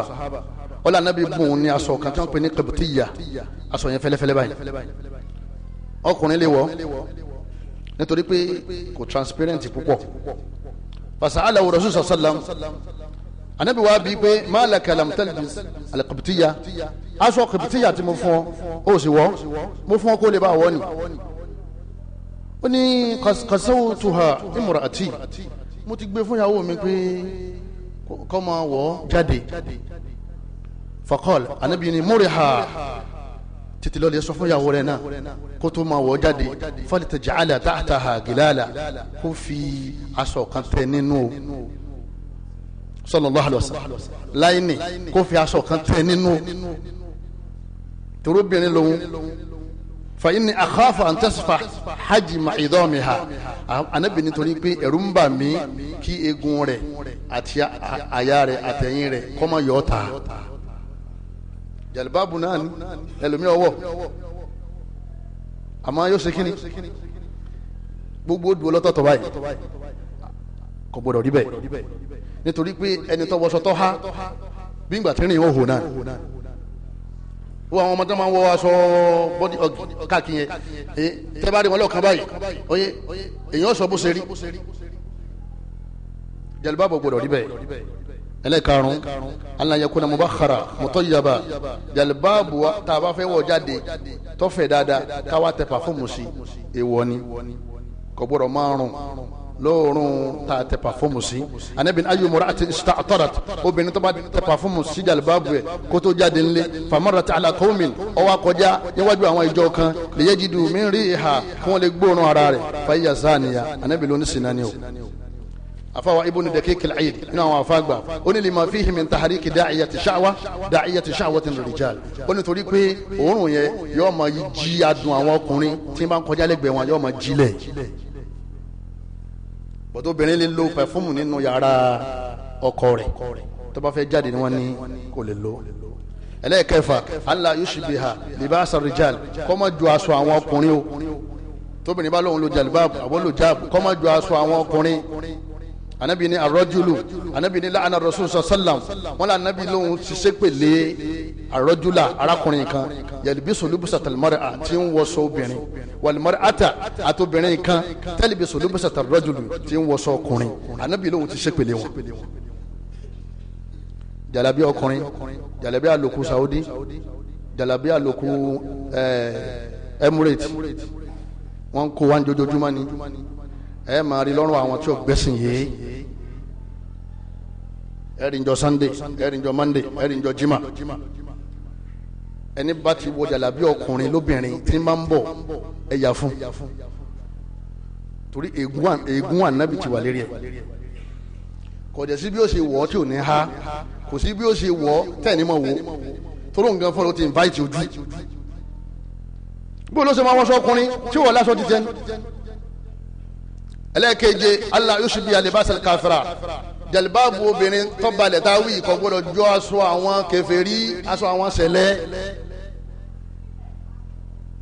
wọ́n lé anabi bùn ní aṣọ kankan pé ní kẹbùtìyà aṣọ yẹn fẹ́lẹ́fẹ́lẹ́ báyìí ọkùnrin lè wọ̀ nítorí pé kò transparent púpọ̀ fasa alawo rasul sallam anabi wa bi pé maala kalam talbis alakabitiya aṣọ kabitiya tí mo fún ọ ó sì wọ̀ mo fún ọ kó lè bá wọ̀ ni ó ní kasawu tuha imura ati mo ti gbé fún ìyàwó mi pé kọ́ máa wọ̀ jáde fakọ́l anabi ni múri ha títí lọ́ọ́ lè sọ fún ìyàwó rẹ̀ náà kó tó máa wọ̀ jáde faltaj'ala tahtaha gilala kó fi aṣọ kan tẹ nínú o sallallahu alaihi wasallam láìní kó fi aṣọ kan tẹ nínú o torobìnrin lòun fa inni akhafu an tasfa hajma idamiha anabi nítorí pé ẹ̀rù ń bà mí kí eegun rẹ̀ àti àyà rẹ̀ àtẹ̀yìn rẹ̀ kó má ta jàlùbáàbù náà ni ẹlòmí ọwọ́ àmọ́ yóò ṣe kíni gbogbo dùn lọ́tọ̀ọ̀tọ̀ báyìí kò gbọdọ̀ rí bẹ́ẹ̀ nítorí pé ẹni tó wọṣọ tó há bí ìgbà tí ń rìn òhò náà wọ́n àwọn ọmọdé máa ń wọ aṣọ bọ́dí káàkiri yẹn tẹ́ bá rí wọn lọ́ọ̀kan báyìí oye èyàn sọ bó ṣe rí jàlùbáàbù gbọdọ̀ rí bẹ́ẹ̀ ẹlẹ́karùn-ún alayakuna mubakara mutọyaba jalibaabu wa taaba fẹ́ wọ̀ jáde tó fẹ̀ dáadáa káwa tẹ pàfọ́ọ̀mù sí èèwọ̀ ni kò gbọ́dọ̀ márùn lóòrùn tá a tẹ pàfọ́ọ̀mù sí anabini ayu mura ati istatarat obìnrin tó tẹ pàfọ́ọ̀mù sí jalibaabu yẹ kótó jáde ńlẹ famara ta alakomin ó wá kọjá níwájú àwọn ìjọ kan lèyẹ jìdù mí rí ìhà kí wọ́n lè gbóòórùn ara rẹ̀ fayasaniya anabini oníṣìnà ni o afawa ibnu daqiq al-aid ina wa fagba oni lima fihi min tahriki da'iyati sha'wa da'iyati sha'watin rijal oni torí pé orun yẹn yó ma jí adùn àwọn ọkùnrin tin bá kọjá lẹ́gbẹ̀ẹ́ wọn yó ma jile bọ́dọ̀ obìnrin lè lo pẹ̀fúmù nínú yàrá ọkọ rẹ̀ tó bá fẹ́ jáde ni wọ́n ní kò lè lo ẹlẹ́ẹ̀kẹfà allah yushbiha libasa rijal kó ju aṣọ àwọn ọkùnrin o tóbìnrin bá lóun lo jalibab àbó lo jab ju aṣọ àwọn ọkùnrin anabi ni arọ́júlù anabi ni la'ana rasul sallam Wala là anabi lóhun ṣiṣẹ́ pèlè arọ́júlà arákùnrin kan yalibisu lubusatal mar'a tí ń wọṣọ obìnrin wal mar'ata àtobìnrin kan talibisu lubusatal rọ́júlù tí ń wọṣọ ọkùnrin anabi lóhun ṣiṣẹ́ pèlè wọn jalabi ọkùnrin jalabi àlòkù saudi jalabi àlòkù ẹẹ eh, emirate wọn kó wa ń jojoojúmọ́ ẹ máa rí lọ́rùn àwọn tí ó gbẹ́sìn yìí ẹ̀rìnjọ Sunday ẹ̀rìnjọ Monday ẹ̀rìnjọ jimá ẹni bá ti wọ jàlábí ọkùnrin lóbìnrin tí máa ń bọ̀ ẹ̀yà fún torí ègún ànábì ti wà lérí ẹ̀ kọ̀dẹ̀ sí bí ó ṣe wọ̀ ọ́ tí ò ní ha kò sí bí ó ṣe wọ̀ ọ́ tẹ̀ni mọ̀ wò toró nǹkan fún ọ ti invite ojú bó ló ṣe máa wọ́n sọ ọkùnrin tí wọ́n lásọ ti tẹ́ni ẹlẹ́ẹ̀keje allah yóò ṣubi alibasa káfíra jalibabu obìnrin tọ́balẹ̀ tá a wí kò gbọ́dọ̀ jọ aṣọ àwọn kèfèrí aṣọ àwọn sẹ̀lẹ̀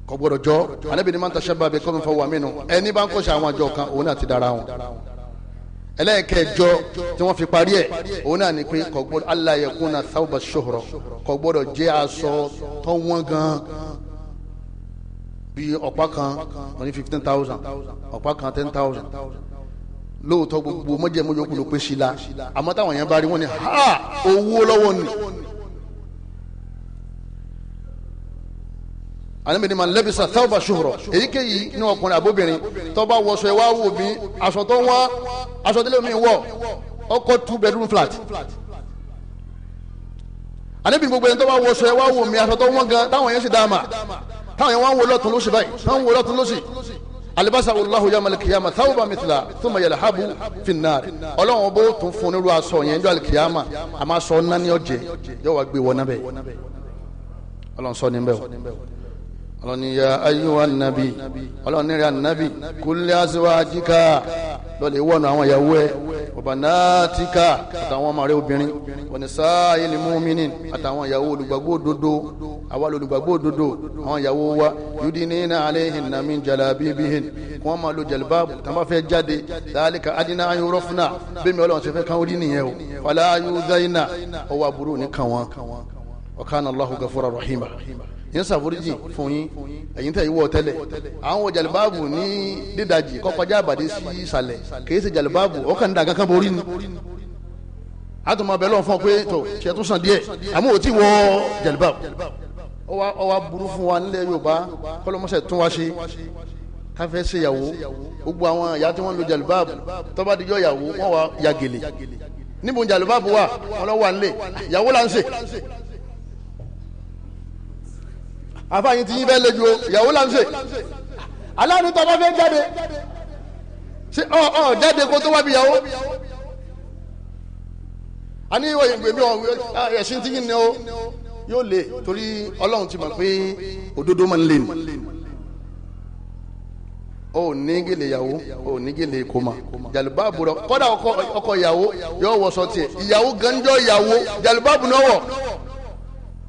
kò gbọ́dọ̀ jọ alẹ́bi ni máa ń tọ́ sábà bíi kọ́mi fọwọ́ àmínú ẹni bá ń kọ́ṣe àwọn àjọ kan òun náà ti dára wọn ẹlẹ́ẹ̀kẹjọ tí wọ́n fi parí ẹ̀ òun náà ni pé kò gbọ́dọ̀ yẹ kún náà sábà ṣòro kò jẹ́ aṣọ tọ́wọ́n gan-an Bi ọ̀pá kan wọ́n ní fifteen thousand ọ̀pá kan ten thousand lóòótọ́ gbogbo mọ́jẹ̀mú yòókù ló pé sí la àmọ́ táwọn yẹn bá rí wọ́n ní ha owó lọ́wọ́ ni. àníbi ni màá lẹ́bisa tẹ́wọ́bà ṣòro èyíkéyìí ní ọkùnrin àbóbìnrin tó bá wọṣọ ẹ wá wò mí aṣọ tó ń wá aṣọ tó lè mí wọ two bedroom flat àníbi gbogbo ẹni tó bá wọṣọ ẹ wá wò mí aṣọ tó ń wọ́n gan táwọn yẹn sì dá a mà táwọn yẹn wọ́n ń wo lọ́tún lóṣù báyìí táwọn ń wo lọ́tún lóṣù alibasa wòlúwàhù yà malikiyama tawuba mitila tuma yẹlẹ habu finnaari ọlọ́run bó tún fún nílùú aṣọ yẹn jọ alikiyama a máa sọ nani ọjẹ yóò wá gbé wọn nábẹ ọlọ́run sọ ní o ọlọ́ni ya ayúwa nàbí ọlọ́ni rẹ̀ nàbí kúlẹ̀ aṣíwájíká lọ́lẹ̀ wọ́nà àwọn ìyàwó ẹ̀ ọ̀bànátíkà àtàwọn ọmọ rẹ̀ obìnrin ọ̀nìṣà ilimumini àtàwọn ìyàwó olùgbàgbọ́ òdodo àwa olùgbàgbọ́ òdodo àwọn ìyàwó wa yudinina alayhinna min jalabibihin kí wọ́n máa lo jẹ̀lbáàbù tá a bá fẹ́ jáde dhalika adina an yurafna bẹ́ẹ̀ mi ọlọ́run ṣe fẹ́ kán orí nìyẹn o yín ṣàforíjì fún yín ẹ̀yin tẹ̀ yín wọ̀ tẹ́lẹ̀ àwọn jàlibáàbù ní dídajì kọ́kọ́já àbàdé sí ìsàlẹ̀ kìí ṣe jàlibáàbù ọkàn dàgán kan borí ni àtùmọ̀ abẹ́ lọ́n fún ọ pé tó ṣe tún sàn díẹ̀ àmọ́ ò tí wọ jàlibáàbù ọwọ́ ọwọ́ burú fún wa nílẹ̀ Yorùbá kọ́lọ́mọṣẹ́ tún wá ṣe káfẹ́ ṣèyàwó gbogbo àwọn ìyá tí wọ́n lo jàlibáàbù tọ́ba dijọ́ wọ́n wá yagele níbo jàlibáàbù wà wọ́n lọ́ nílẹ̀ ìyàwó là ń ṣe àfààní ti yín bẹ́ẹ̀ lé ju ìyàwó là ń ṣe aláàánú tó bá fẹ́ jáde ṣe ọ ọ jáde kó tó wá bí ìyàwó a ní ìwọ ìgbè mi ọ ẹ̀sìn tí yín ni ó yóò lè torí ọlọ́run ti mọ̀ pé òdodo máa ń lè nù o ní gèlè ìyàwó o ní gèlè kòmà jàlùbáàbù rẹ kọ́dà ọkọ ìyàwó yóò wọṣọ tiẹ̀ ìyàwó ganjọ́ ìyàwó jàlùbáàbù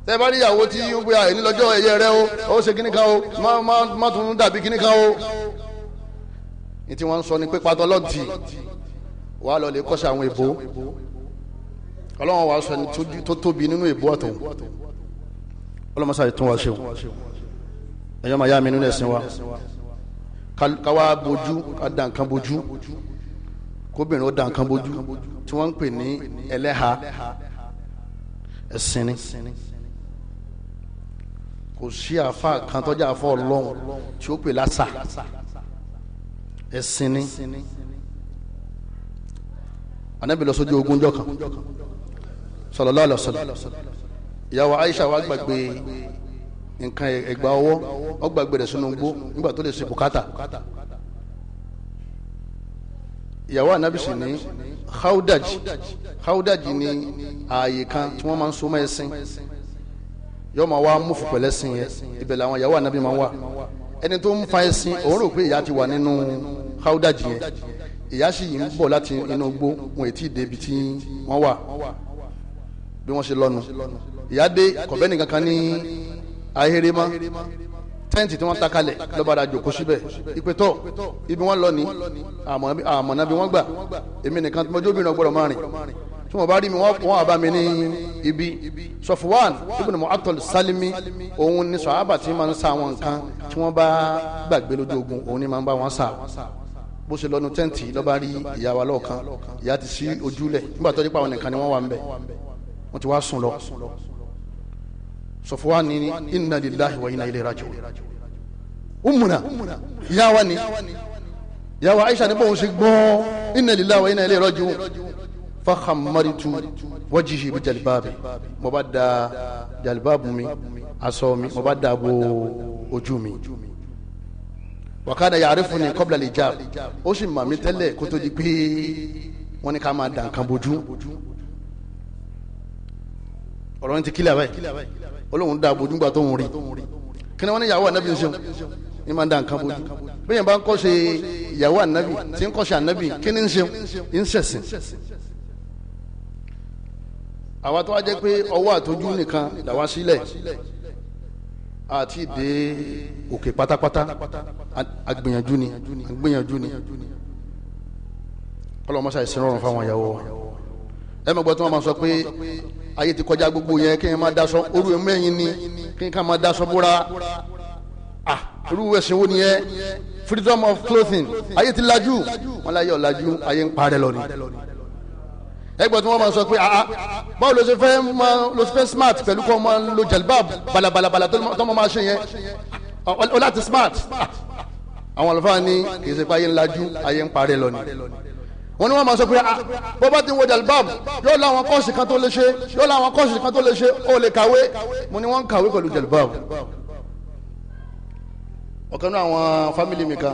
tẹ bá níyàwó tí yóò gbé àyè nílọjọ ẹyẹ rẹ o ó ṣe kíní kan o má má má tún dàbí kíní kan o ní tí wọn ń sọ ni pé pàtó lọ́ọ̀tì wàá lọ lè kọ́sẹ̀ àwọn èbó ọlọ́wọ́n wàá sọ ni tó tóbi nínú èbó ọ̀tún ọlọ́mọṣà yìí tún wá ṣeun ẹ̀yọ́ màá yá mi nínú ẹ̀sìn wa ká wá bójú ká dà nǹkan bójú kóbìnrin ó dà nǹkan bójú tí wọ́n ń pè ní ẹlẹ́ha ẹ̀sìn ni kò sí àfa kan tọ́jà àfọ ọlọ́run tí ó pè lásà ẹ̀sìn ni anabi lọ sójú ogun jọkan sallallahu alaihi wasallam ìyàwó Aisha wa gbàgbé nǹkan ẹ̀gbà ọwọ́ ó gbàgbé rẹ̀ sínú gbó nígbà tó lè ṣe bùkátà ìyàwó anabi sì ní Khawdaj Khawdaj ní ààyè kan tí wọ́n máa ń so mọ́ ẹ̀sìn yóò máa wá mú fìpẹ̀lẹ́ sin yẹn ibẹ̀ làwọn ìyàwó ànábì máa wà ẹni tó ń fa ẹṣin òun rò pé ìyá ti wà nínú haudaji yẹn ìyá sì yìí ń bọ̀ láti inú igbó wọn ètí ìdèbí tí wọ́n wà bí wọ́n ṣe lọ́nu ìyá dé kọ̀bẹ́nì kankan ní ahéré mọ́ tẹ́ǹtì tí wọ́n ta kalẹ̀ lọ́bàdà jòkó síbẹ̀ ìpè ibi wọ́n lọ ní àmọ̀nà bí wọ́n gbà èmi nìkan tí ọgbọ́dọ̀ máa tí wọ́n bá rí mi wọ́n àbá mi ní ibi Sofwan ibn Mu'attal Salimi òun ni sọ̀hábà tí máa ń sa àwọn nǹkan tí wọ́n bá gbàgbé lójú ogun òun ni máa ń bá wọn sà bó ṣe lọ́nu tẹ́ǹtì lọ́ba rí ìyá ìyá ti sí ojúlẹ̀ nígbà tó dé pa àwọn nìkan ni wọ́n wà ń bẹ̀ wọ́n ti wá sùn lọ Sofwan ni inna lillahi wa inna ilayhi raji'un umuna ìyá ni ìyá Aisha ni bóun ṣe gbọ́ inna lillahi wa inna ilayhi raji'un fakhamaritu wajihi bi jalibabi mo bá da jalibabu mi aṣọ mi mo bá da bo ojú mi wakada yarifuni qabla lijab ó sì mà mí tẹ́lẹ̀ kó tó di pé wọ́n ní ká máa dà nǹkan bojú ọ̀rọ̀ ní ti kílẹ̀ abẹ́ olóhùn da bojú gbà tó ń rí kí ni wọ́n ní ìyàwó ànábì ń ṣeun ní máa da nǹkan bojú bẹ́ẹ̀ bá ń kọ́ ṣe ìyàwó ànábì tí ń kọ́ ṣe ànábì kí ni ń ṣeun àwa tó wá jẹ́ pé ọwọ́ àtọ́jú nìkan làwa sílẹ̀ àti dé òkè pátápátá agbìyànjú ni agbìyànjú ni ọlọmọṣà ìsinmi ọrùn fáwọn ìyàwó wa ẹ mọ̀ gbọ́ tí wọ́n máa sọ pé ayé ti kọjá gbogbo yẹn kí n máa daṣọ orú mẹ́yìn ni kí n ká máa daṣọ búra ah irú ẹ̀sìn wo nìyẹn freedom of clothing ayé ti lajú wọn láyé ọ̀lajú ayé ń parẹ́ lọ ni ẹgbẹ́ tí wọ́n máa sọ pé ah, ah báwo ló ṣe fẹ́ máa ló ṣe fẹ́ smart pẹ̀lú kó máa lo jalbab balabalabala tó máa ṣe yẹn ọ láti smart àwọn àlùfáà ní kì í ṣe pé ayé ń lajú ayé ń parẹ́ lọ ni wọ́n ní wọ́n máa sọ pé ah bó bá ti wo jalbab yóò láwọn kọ́ọ̀sì kan tó lè ṣe yóò láwọn kọ́ọ̀sì kan tó lè ṣe ó lè kàwé mo ní wọ́n ń kàwé pẹ̀lú jalbab ọ̀kan náà àwọn fámìlì mi kan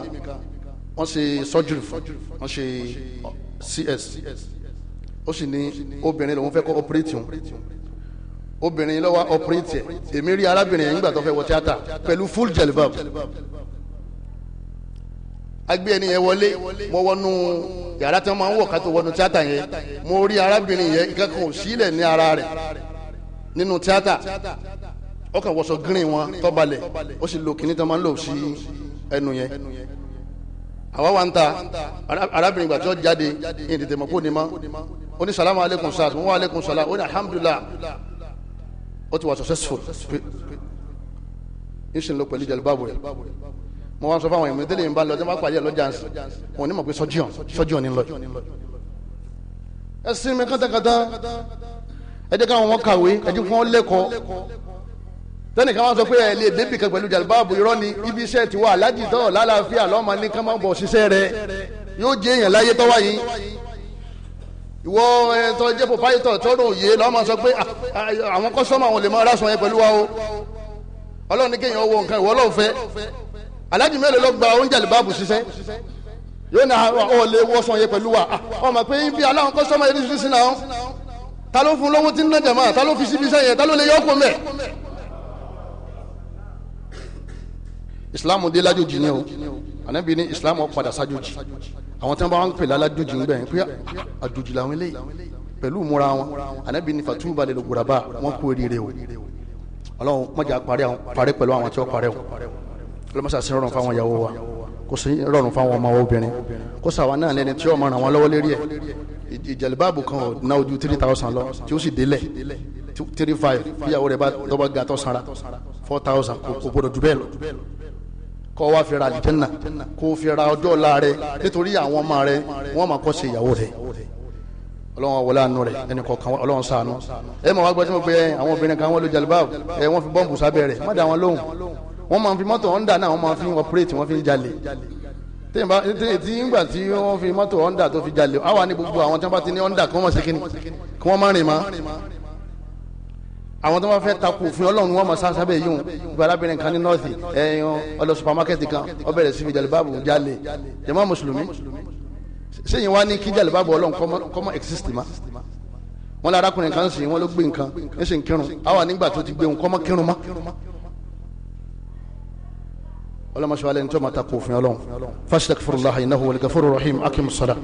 wọ́n ṣe surgery wọ́n ṣe uh, cs ó sì ní obìnrin lòun fẹ́ kọ́ ọpẹ́rẹ́tì òun obìnrin lọ́wọ́ ọpẹ́rẹ́tì ẹ̀ èmi rí arábìnrin yẹn nígbà tó fẹ́ wọ tíátà pẹ̀lú full jelibab agbé ẹni yẹn wọlé mo wọnú yàrá tí wọ́n máa ń wọ̀ ká tó wọnú tíátà yẹn mo rí arábìnrin yẹn kankan ò sílẹ̀ ní ara rẹ̀ nínú tíátà ó kàn wọṣọ green wọn tó balẹ̀ ó sì lo kinní tó máa ń lò sí ẹnu yẹn àwa wa ń ta arábìnrin gbà tí wọ́n jáde ní tètè mọ̀ kó ni mọ́ ó ní salamu aleykum sars mo wá aleykum salam ó alhamdulilah ó ti wà successful n sì ń lo pẹ̀lú jẹ̀lúbàbò rẹ̀ mo wá sọ fáwọn èèyàn délé yìí ń bá lọ jẹ́ máa pàdé ẹ̀ lọ́jà ǹsì wọn ò ní mọ̀ pé sọ́jíọ̀n sọ́jíọ̀n ni lọ. ẹ sinmi kátàkátà ẹ jẹ́ káwọn wọn kàwé ẹ jẹ́ fún wọn lẹ́kọ̀ọ́ tẹ́nì kan sọ pé ẹ lè débì kan pẹ̀lú jẹ̀lúbàbò irọ́ ni ibi iṣẹ́ ti wà aládìí tọ́ lálàáfíà lọ́mọ ní ká má bọ̀ ṣiṣẹ́ rẹ̀ yóò jẹ́ èèyàn láyé tọ́wá yìí ìwọ tó jẹ́ pòpáyítọ̀ tọ́rọ̀ òye lọ́mọ sọ pé ah, ah, àwọn kọ́sọ́mù àwọn lè máa rásùn yẹn pẹ̀lú wa o ọlọ́run ní kéèyàn wọ nǹkan ìwọ ọlọ́run fẹ́ aláàjì mélòó ló gba oúnjẹ àlùbáàbù ṣiṣẹ́ yóò ní ah, ọ lè wọ́sàn yẹn pẹ̀lú wa ọmọ pé ibi aláwọn kọ́sọ́mù yẹn ti sí náà ta ló fún lọ́wọ́ tí ń nàjà máa ta ló fi síbi sẹ́yìn ta ló lè yọ ọkọ mẹ́. ìsìlámù dé lájòjì ni ní ìsìlámù padà sájòjì àwọn tí wọn bá wọn pè lálàdójì ń bẹ pé àdójì làwọn eléyìí pẹ̀lú múra wọn ànábì ní fatuba lè lo gbòràbà wọn kú oríire o Ọlọ́run mọjà parí àwọn parí pẹ̀lú àwọn tí wọn parí o ọlọmọṣà sí rọrùn fáwọn ìyàwó wa kò sí rọrùn fáwọn ọmọ obìnrin kò sàwọn náà lẹni tí yóò máa ràn wọn lọ́wọ́ lérí ẹ ìjàlbáàbù kan ò ná ojú three thousand lọ tí ó sì délẹ̀ three five fíyàwó rẹ bá dọ́gba gàtọ̀ sara four thousand kò gbọdọ̀ jù lọ kọ́ wá fi ra àlìjẹ́nà kó fi ra ọjọ́ ọ̀la rẹ nítorí àwọn ọmọ rẹ wọ́n máa kọ́ ṣe ìyàwó rẹ ọlọ́wọ́n wọlé àánú rẹ ẹnì kọ̀ọ̀kan ọlọ́wọ́n sànú ẹ máa wá gbọ́ sí mi pé àwọn obìnrin kan wọ́n lo jalibab ẹ wọ́n fi bọ́ǹbù sábẹ́ rẹ̀ má dá wọn lóhùn wọ́n máa fi mọ́tò Honda náà wọ́n máa fi ọ̀pẹ́rẹ́tì wọ́n fi ń jalè tí ngbà tí wọ́n fi mọ́tò Honda tó fi jalè àwa ní gbogbo àwọn tí wọ́n bá ti ní Honda kí wọ́n má ṣe kíni kí wọ́n má rìn má àwọn tó bá fẹ́ takò òfin ọlọ́run wọn máa sábẹ́ yìí ìgbà arábìnrin kan ní nọ́ọ̀sì ẹ̀yàn ọlọ supamakẹ́tì kan ó bẹ̀rẹ̀ sí fi jàlùbáàbù jalè jàmá mùsùlùmí sẹ́yìn wá ní kí jàlùbáàbù ọlọ́run kọ́mọ exist ma wọn lé arákùnrin kan sìn wọn ló gbé nǹkan ẹ sì ń kírun àwa nígbà tó ti gbé nǹkan mọ́ kírun mọ́ ọlọ́mọṣẹ́ wa lẹ́ni tó máa takò òfin ọlọ́run fastaghfirullah innahu wal ghafurur rahim akim salam.